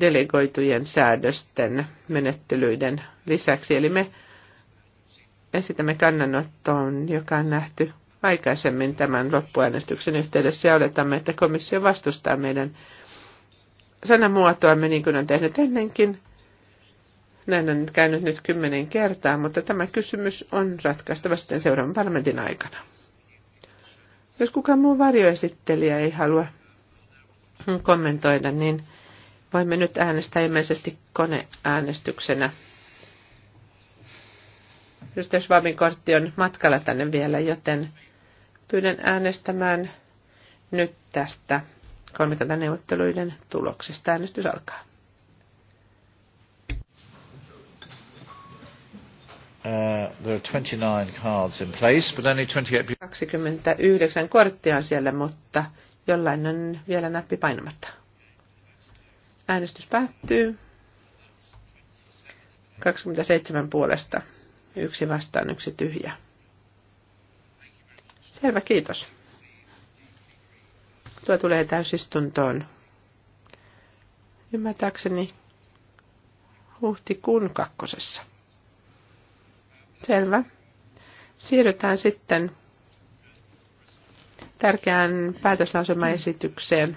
delegoitujen säädösten menettelyiden lisäksi. Eli me esitämme kannanottoon, joka on nähty aikaisemmin tämän loppuäänestyksen yhteydessä ja oletamme, että komissio vastustaa meidän muotoamme niin kuin on tehnyt ennenkin. Näin on käynyt nyt kymmenen kertaa, mutta tämä kysymys on ratkaistava sitten seuraavan parlamentin aikana. Jos kukaan muu varjoesittelijä ei halua kommentoida, niin voimme nyt äänestää ilmeisesti koneäänestyksenä. Just jos Vabin kortti on matkalla tänne vielä, joten pyydän äänestämään nyt tästä kolmikantaneuvotteluiden tuloksesta Äänestys alkaa. Uh, there are 29 cards in place, but only 28 29 korttia on siellä, mutta jollain on vielä näppi painamatta. Äänestys päättyy. 27 puolesta. Yksi vastaan, yksi tyhjä. Selvä, kiitos. Tuo tulee täysistuntoon. Ymmärtääkseni huhtikuun kakkosessa. Selvä. Siirrytään sitten tärkeään päätöslausumaesitykseen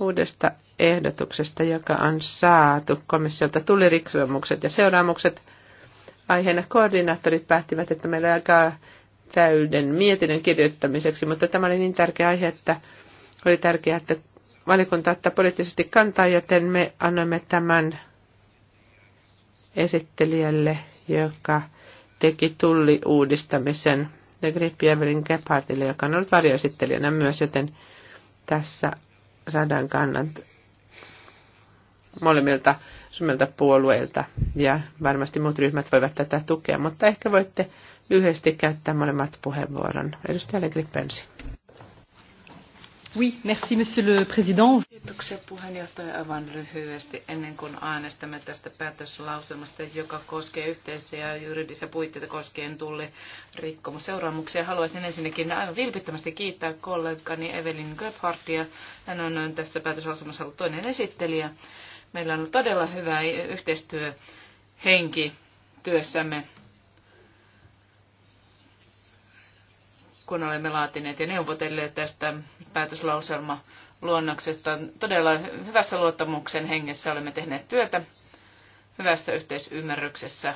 uudesta ehdotuksesta, joka on saatu komissiolta tulirikkomukset ja seuraamukset. Aiheena koordinaattorit päättivät, että meillä alkaa täyden mietinnön kirjoittamiseksi, mutta tämä oli niin tärkeä aihe, että oli tärkeää, että valiokunta ottaa poliittisesti kantaa, joten me annoimme tämän esittelijälle, joka teki uudistamisen The Grippi Evelyn Gephardille, joka on ollut varjoesittelijänä myös, joten tässä saadaan kannat molemmilta summilta puolueilta ja varmasti muut ryhmät voivat tätä tukea, mutta ehkä voitte lyhyesti käyttää molemmat puheenvuoron. Edustaja Legri Pensi. Oui, merci monsieur le président. Kiitoksia puheenjohtaja aivan lyhyesti ennen kuin äänestämme tästä päätöslauselmasta, joka koskee yhteisiä juridisia puitteita koskien tulli rikkomusseuraamuksia. Haluaisin ensinnäkin aivan vilpittömästi kiittää kollegani Evelyn Gebhardtia. Hän on tässä päätöslauselmassa ollut toinen esittelijä. Meillä on ollut todella hyvä yhteistyöhenki työssämme kun olemme laatineet ja neuvotelleet tästä päätöslauselma luonnoksesta. Todella hyvässä luottamuksen hengessä olemme tehneet työtä, hyvässä yhteisymmärryksessä,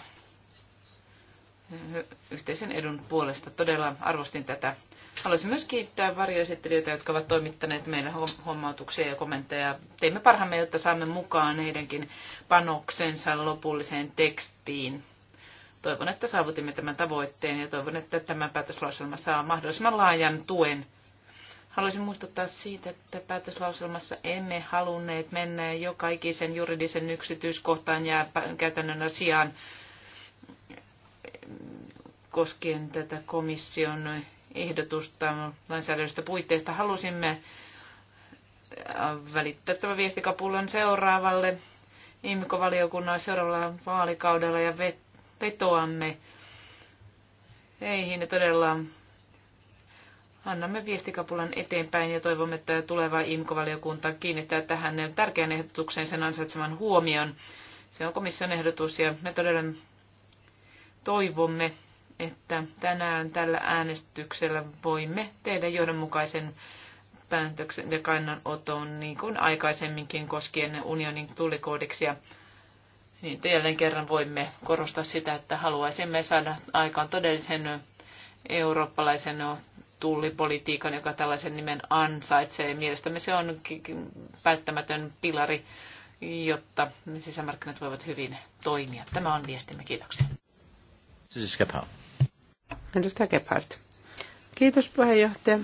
yhteisen edun puolesta. Todella arvostin tätä. Haluaisin myös kiittää varjoesittelijöitä, jotka ovat toimittaneet meille huomautuksia ja kommentteja. Teimme parhaamme, jotta saamme mukaan heidänkin panoksensa lopulliseen tekstiin. Toivon, että saavutimme tämän tavoitteen ja toivon, että tämä päätöslauselma saa mahdollisimman laajan tuen. Haluaisin muistuttaa siitä, että päätöslauselmassa emme halunneet mennä joka ikisen juridisen yksityiskohtaan ja käytännön asiaan koskien tätä komission ehdotusta lainsäädännöstä puitteista. Halusimme välittää tämän viestikapulan seuraavalle imko seuraavalla vaalikaudella ja vettä vetoamme heihin ja todella annamme viestikapulan eteenpäin ja toivomme, että tuleva IMKO-valiokunta kiinnittää tähän tärkeän ehdotukseen sen ansaitseman huomion. Se on komission ehdotus ja me todella toivomme, että tänään tällä äänestyksellä voimme tehdä johdonmukaisen päätöksen ja kannanoton niin kuin aikaisemminkin koskien unionin tullikoodeksia niin jälleen kerran voimme korostaa sitä, että haluaisimme saada aikaan todellisen eurooppalaisen tullipolitiikan, joka tällaisen nimen ansaitsee. Mielestämme se on välttämätön pilari, jotta sisämarkkinat voivat hyvin toimia. Tämä on viestimme. Kiitoksia. Edustaja Gebhardt. Kiitos puheenjohtaja.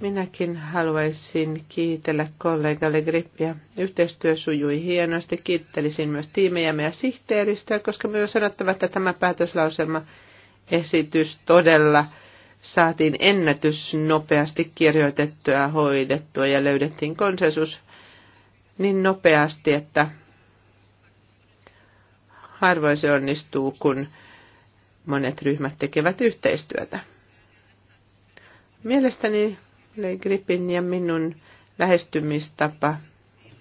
Minäkin haluaisin kiitellä kollegalle Grippiä. Yhteistyö sujui hienosti. Kiittelisin myös tiimejämme ja sihteeristöä, koska myös sanottava, että tämä päätöslauselma esitys todella saatiin ennätys nopeasti kirjoitettua, hoidettua ja löydettiin konsensus niin nopeasti, että harvoin se onnistuu, kun monet ryhmät tekevät yhteistyötä. Mielestäni oli gripin ja minun lähestymistapa,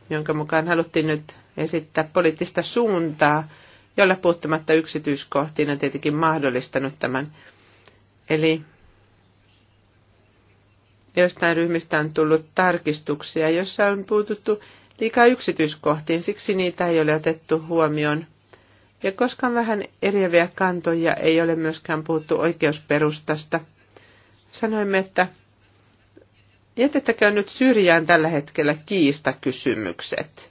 jonka mukaan haluttiin nyt esittää poliittista suuntaa, jolla puuttumatta yksityiskohtiin on tietenkin mahdollistanut tämän. Eli joistain ryhmistä on tullut tarkistuksia, jossa on puututtu liikaa yksityiskohtiin, siksi niitä ei ole otettu huomioon. Ja koska vähän eriäviä kantoja ei ole myöskään puhuttu oikeusperustasta, sanoimme, että jätettäkää nyt syrjään tällä hetkellä kiistakysymykset,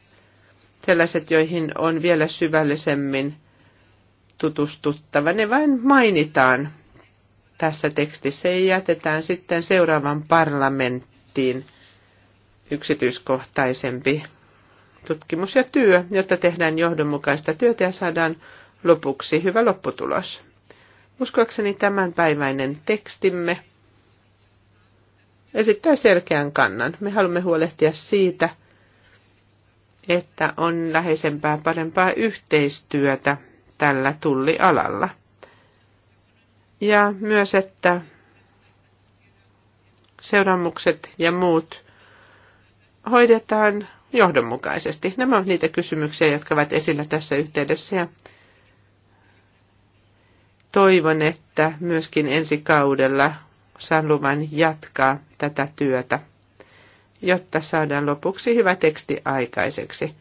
sellaiset, joihin on vielä syvällisemmin tutustuttava. Ne vain mainitaan tässä tekstissä ja jätetään sitten seuraavan parlamenttiin yksityiskohtaisempi tutkimus ja työ, jotta tehdään johdonmukaista työtä ja saadaan lopuksi hyvä lopputulos. Uskoakseni tämänpäiväinen tekstimme esittää selkeän kannan. Me haluamme huolehtia siitä, että on läheisempää, parempaa yhteistyötä tällä tullialalla. Ja myös, että seuraamukset ja muut hoidetaan johdonmukaisesti. Nämä ovat niitä kysymyksiä, jotka ovat esillä tässä yhteydessä. Ja toivon, että myöskin ensi kaudella saan luvan jatkaa tätä työtä, jotta saadaan lopuksi hyvä teksti aikaiseksi.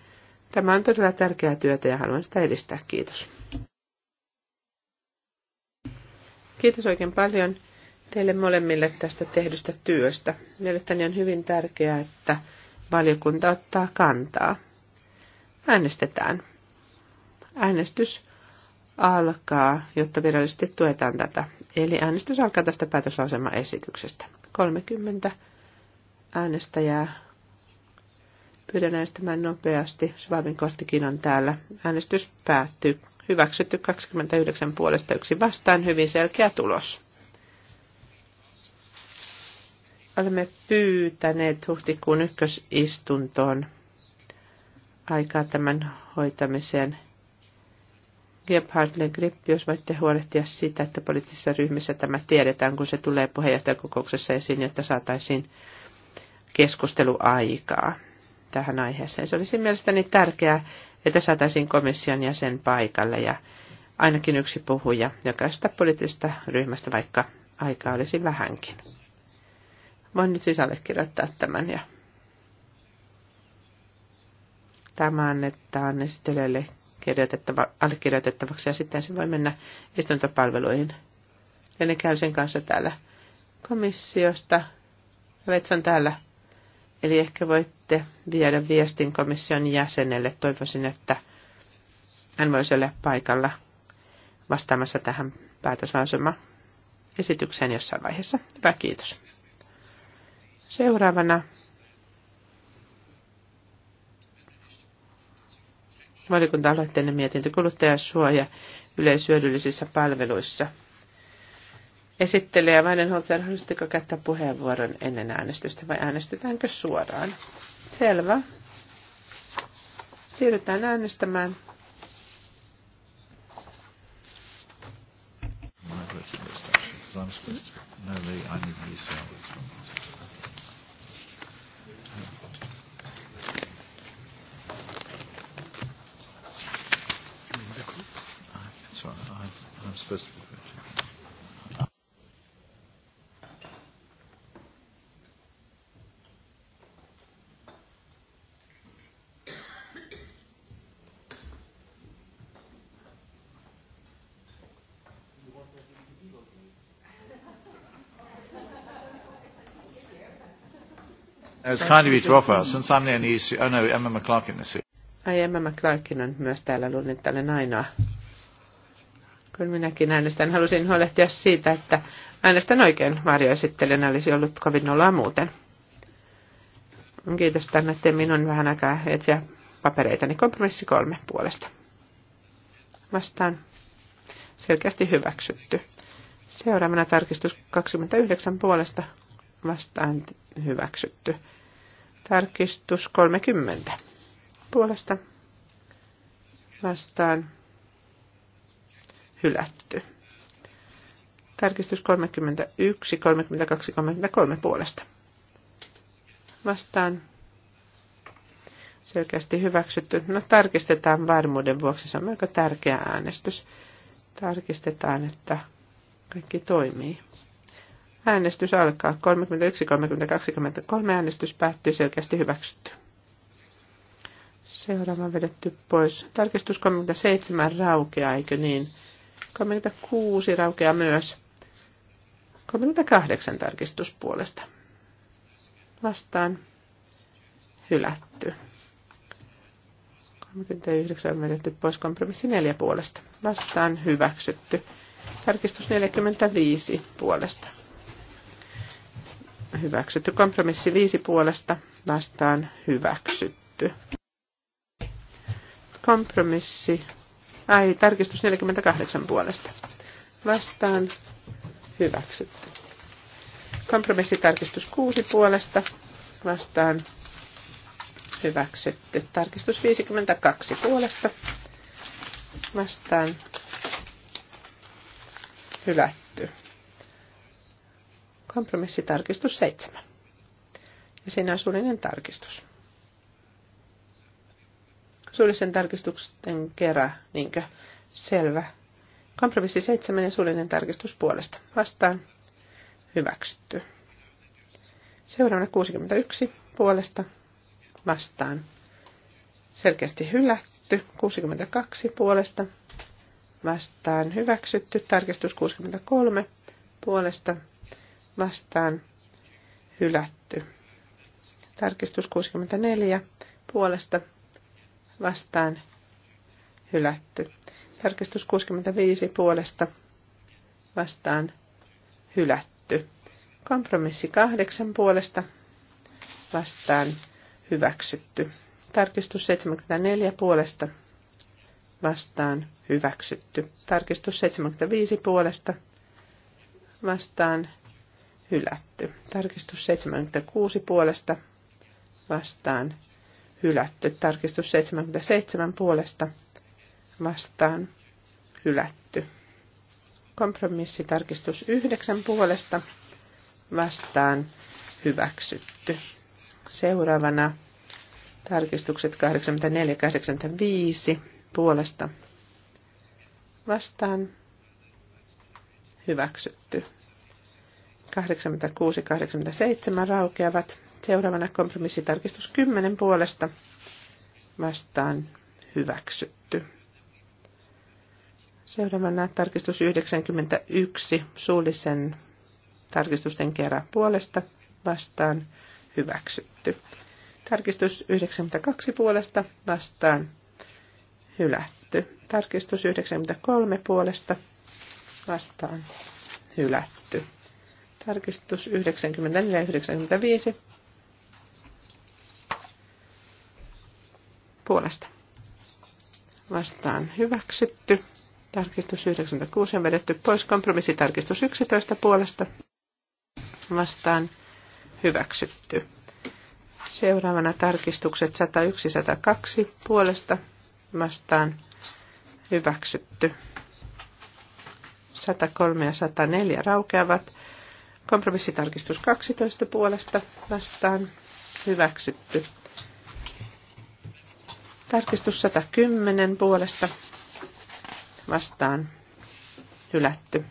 Tämä on todella tärkeää työtä ja haluan sitä edistää. Kiitos. Kiitos oikein paljon teille molemmille tästä tehdystä työstä. Mielestäni on hyvin tärkeää, että valiokunta ottaa kantaa. Äänestetään. Äänestys alkaa, jotta virallisesti tuetaan tätä Eli äänestys alkaa tästä esityksestä. 30 äänestäjää. Pyydän äänestämään nopeasti. Svabin kostikin on täällä. Äänestys päättyy. Hyväksytty 29 puolesta yksi vastaan. Hyvin selkeä tulos. Olemme pyytäneet huhtikuun ykkösistuntoon aikaa tämän hoitamiseen. Gebhard Le Grip, jos voitte huolehtia siitä, että poliittisissa ryhmissä tämä tiedetään, kun se tulee puheenjohtajakokouksessa esiin, jotta saataisiin keskusteluaikaa tähän aiheeseen. Se olisi mielestäni tärkeää, että saataisiin komission jäsen paikalle ja ainakin yksi puhuja jokaisesta poliittisesta ryhmästä, vaikka aikaa olisi vähänkin. Voin nyt siis allekirjoittaa tämän ja tämän, että on kirjoitettava, allekirjoitettavaksi ja sitten se voi mennä istuntopalveluihin. Ja ne käy sen kanssa täällä komissiosta. Olet on täällä. Eli ehkä voitte viedä viestin komission jäsenelle. Toivoisin, että hän voisi olla paikalla vastaamassa tähän päätöslausumaan esitykseen jossain vaiheessa. Hyvä, kiitos. Seuraavana valikunta aloitteinen mietintö kuluttajasuoja yleisyödyllisissä palveluissa. Esittelijä Weidenholzer, haluaisitteko käyttää puheenvuoron ennen äänestystä vai äänestetäänkö suoraan? Selvä. Siirrytään äänestämään. No, das It's kind of you to offer. Since I'm the only issue, oh no, Emma McClarkin is here. am Emma McClarkin on myös täällä, luulen, että olen ainoa kyllä minäkin äänestän. Halusin huolehtia siitä, että äänestän oikein varjoesittelijänä, olisi ollut kovin nolla muuten. Kiitos, että annatte minun vähän aikaa etsiä papereitani kompromissi kolme puolesta. Vastaan selkeästi hyväksytty. Seuraavana tarkistus 29 puolesta vastaan hyväksytty. Tarkistus 30 puolesta vastaan hylätty. Tarkistus 31, 32, 33 puolesta. Vastaan selkeästi hyväksytty. No tarkistetaan varmuuden vuoksi, se on aika tärkeä äänestys. Tarkistetaan, että kaikki toimii. Äänestys alkaa. 31, 32, 33 äänestys päättyy selkeästi hyväksytty. Seuraava vedetty pois. Tarkistus 37 raukeaa, eikö niin? 36 raukea myös. 38 tarkistuspuolesta. Vastaan hylätty. 39 on menetty pois kompromissi 4 puolesta. Vastaan hyväksytty. Tarkistus 45 puolesta. Hyväksytty. Kompromissi 5 puolesta. Vastaan hyväksytty. Kompromissi Ai, tarkistus 48 puolesta. Vastaan hyväksytty. Kompromissitarkistus 6 puolesta. Vastaan hyväksytty. Tarkistus 52 puolesta. Vastaan hylätty. Kompromissitarkistus 7. Ja siinä on suullinen tarkistus suullisen tarkistuksen kerä, niinkö? Selvä. Kompromissi 7 ja suullinen tarkistus puolesta. Vastaan. Hyväksytty. Seuraavana 61 puolesta. Vastaan. Selkeästi hylätty. 62 puolesta. Vastaan. Hyväksytty. Tarkistus 63 puolesta. Vastaan. Hylätty. Tarkistus 64 puolesta vastaan hylätty. Tarkistus 65 puolesta vastaan hylätty. Kompromissi 8 puolesta vastaan hyväksytty. Tarkistus 74 puolesta vastaan hyväksytty. Tarkistus 75 puolesta vastaan hylätty. Tarkistus 76 puolesta vastaan hylätty. Tarkistus 77 puolesta vastaan hylätty. tarkistus 9 puolesta vastaan hyväksytty. Seuraavana tarkistukset 84-85 puolesta vastaan hyväksytty. 86-87 raukeavat Seuraavana kompromissitarkistus 10 puolesta vastaan hyväksytty. Seuraavana tarkistus 91 suullisen tarkistusten kerran puolesta vastaan hyväksytty. Tarkistus 92 puolesta vastaan hylätty. Tarkistus 93 puolesta vastaan hylätty. Tarkistus 94 ja 95 puolesta. Vastaan hyväksytty. Tarkistus 96 on vedetty pois. tarkistus 11 puolesta. Vastaan hyväksytty. Seuraavana tarkistukset 101-102 puolesta vastaan hyväksytty. 103 ja 104 raukeavat. Kompromissitarkistus 12 puolesta vastaan hyväksytty. Tarkistus 110 puolesta vastaan hylätty.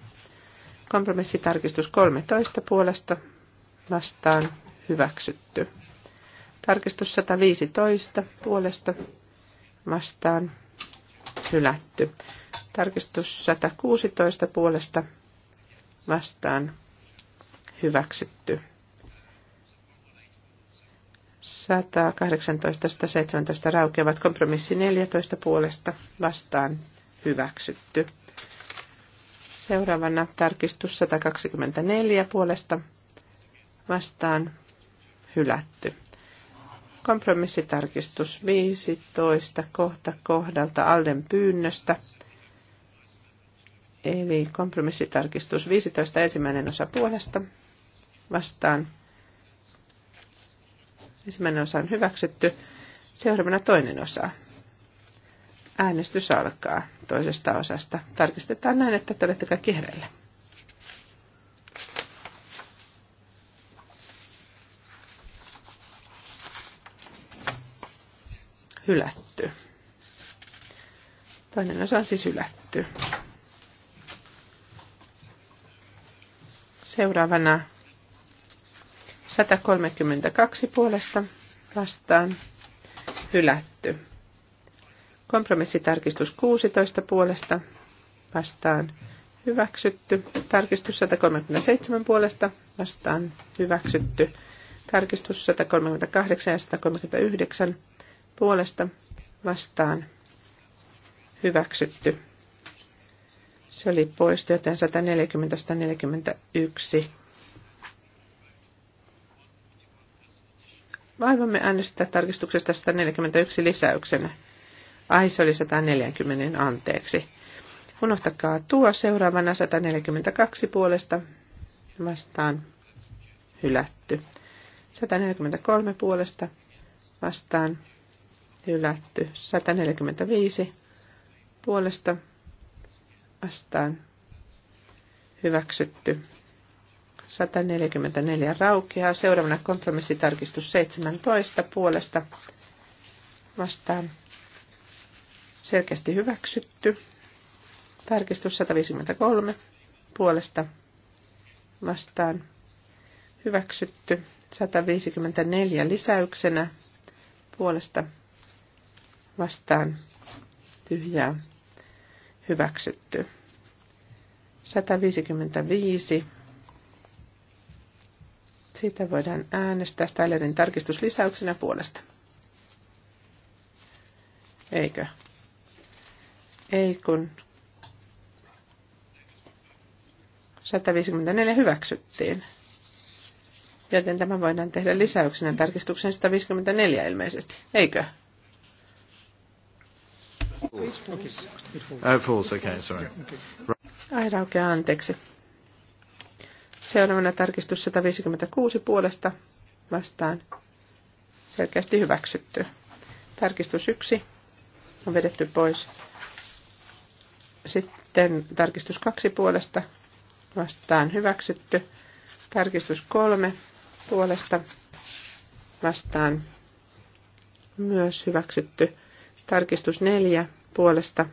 Kompromissitarkistus 13 puolesta vastaan hyväksytty. Tarkistus 115 puolesta vastaan hylätty. Tarkistus 116 puolesta vastaan hyväksytty. 118-117 raukeavat kompromissi 14 puolesta vastaan hyväksytty. Seuraavana tarkistus 124 puolesta vastaan hylätty. Kompromissitarkistus 15 kohta kohdalta Alden pyynnöstä. Eli kompromissitarkistus 15 ensimmäinen osa puolesta vastaan Ensimmäinen osa on hyväksytty. Seuraavana toinen osa. Äänestys alkaa toisesta osasta. Tarkistetaan näin, että te olette kaikki hereillä. Hylätty. Toinen osa on siis hylätty. Seuraavana 132 puolesta vastaan hylätty. Kompromissitarkistus 16 puolesta vastaan hyväksytty. Tarkistus 137 puolesta vastaan hyväksytty. Tarkistus 138 ja 139 puolesta vastaan hyväksytty. Se oli poistu, joten 140-141 vaivamme äänestää tarkistuksesta 141 lisäyksenä. Ai, se oli 140, anteeksi. Unohtakaa tuo seuraavana 142 puolesta vastaan hylätty. 143 puolesta vastaan hylätty. 145 puolesta vastaan hyväksytty. 144 raukia. Seuraavana kompromissitarkistus 17 puolesta vastaan selkeästi hyväksytty. Tarkistus 153 puolesta vastaan hyväksytty. 154 lisäyksenä puolesta vastaan tyhjää hyväksytty. 155 siitä voidaan äänestää Stylerin tarkistuslisäyksenä puolesta. Eikö? Ei kun 154 hyväksyttiin. Joten tämä voidaan tehdä lisäyksenä tarkistuksen 154 ilmeisesti. Eikö? Falls. Oh, okay. It uh, falls. Okay, sorry. Okay. Ai okay, anteeksi. Seuraavana tarkistus 156 puolesta vastaan selkeästi hyväksytty. Tarkistus 1 on vedetty pois. Sitten tarkistus 2 puolesta vastaan hyväksytty. Tarkistus 3 puolesta vastaan myös hyväksytty. Tarkistus 4 puolesta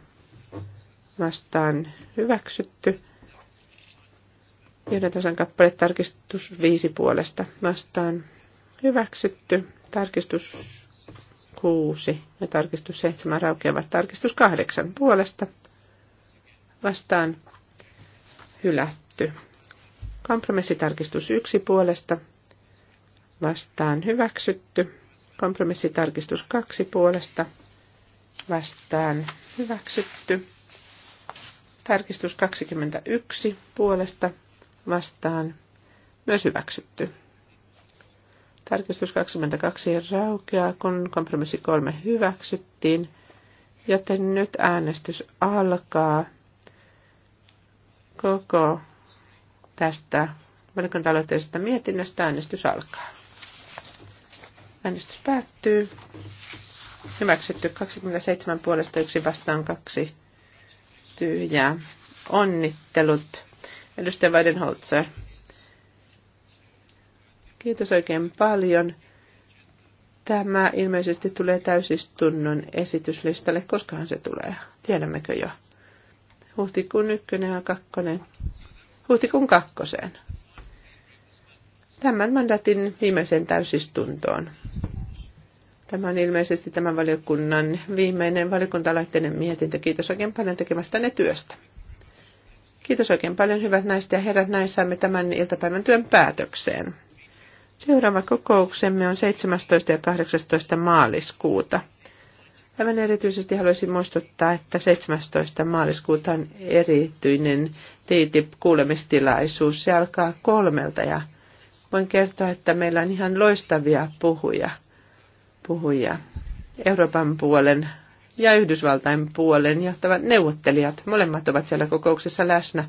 vastaan hyväksytty. Johdantosan kappale tarkistus 5 puolesta vastaan hyväksytty. Tarkistus 6 ja tarkistus 7 raukeavat tarkistus 8 puolesta vastaan hylätty. Kompromissitarkistus 1 puolesta vastaan hyväksytty. Kompromissitarkistus 2 puolesta vastaan hyväksytty. Tarkistus 21 puolesta vastaan myös hyväksytty. Tarkistus 22 raukeaa, kun kompromissi 3 hyväksyttiin, joten nyt äänestys alkaa koko tästä valiokunta mietinnöstä. Äänestys alkaa. Äänestys päättyy. Hyväksytty 27 puolesta yksi vastaan kaksi tyhjää. Onnittelut edustaja Weidenholzer. Kiitos oikein paljon. Tämä ilmeisesti tulee täysistunnon esityslistalle. Koskahan se tulee? Tiedämmekö jo? Huhtikuun ykkönen ja kakkonen. Huhtikuun kakkoseen. Tämän mandatin viimeiseen täysistuntoon. Tämä on ilmeisesti tämän valiokunnan viimeinen valiokuntalaitteinen mietintö. Kiitos oikein paljon tekemästänne työstä. Kiitos oikein paljon, hyvät naiset ja herrat. Näin saamme tämän iltapäivän työn päätökseen. Seuraava kokouksemme on 17. ja 18. maaliskuuta. Aivan erityisesti haluaisin muistuttaa, että 17. maaliskuuta on erityinen TTIP-kuulemistilaisuus. Se alkaa kolmelta ja voin kertoa, että meillä on ihan loistavia puhuja, puhuja Euroopan puolen ja Yhdysvaltain puolen johtavat neuvottelijat. Molemmat ovat siellä kokouksessa läsnä,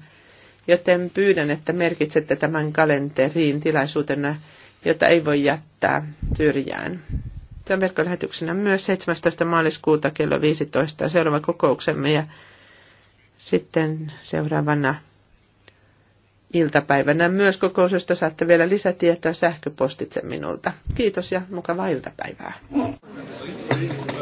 joten pyydän, että merkitsette tämän kalenteriin tilaisuutena, jota ei voi jättää syrjään. on verkkolähetyksenä myös 17. maaliskuuta kello 15 seuraava kokouksemme ja sitten seuraavana iltapäivänä myös kokous, josta saatte vielä lisätietoa sähköpostitse minulta. Kiitos ja mukavaa iltapäivää.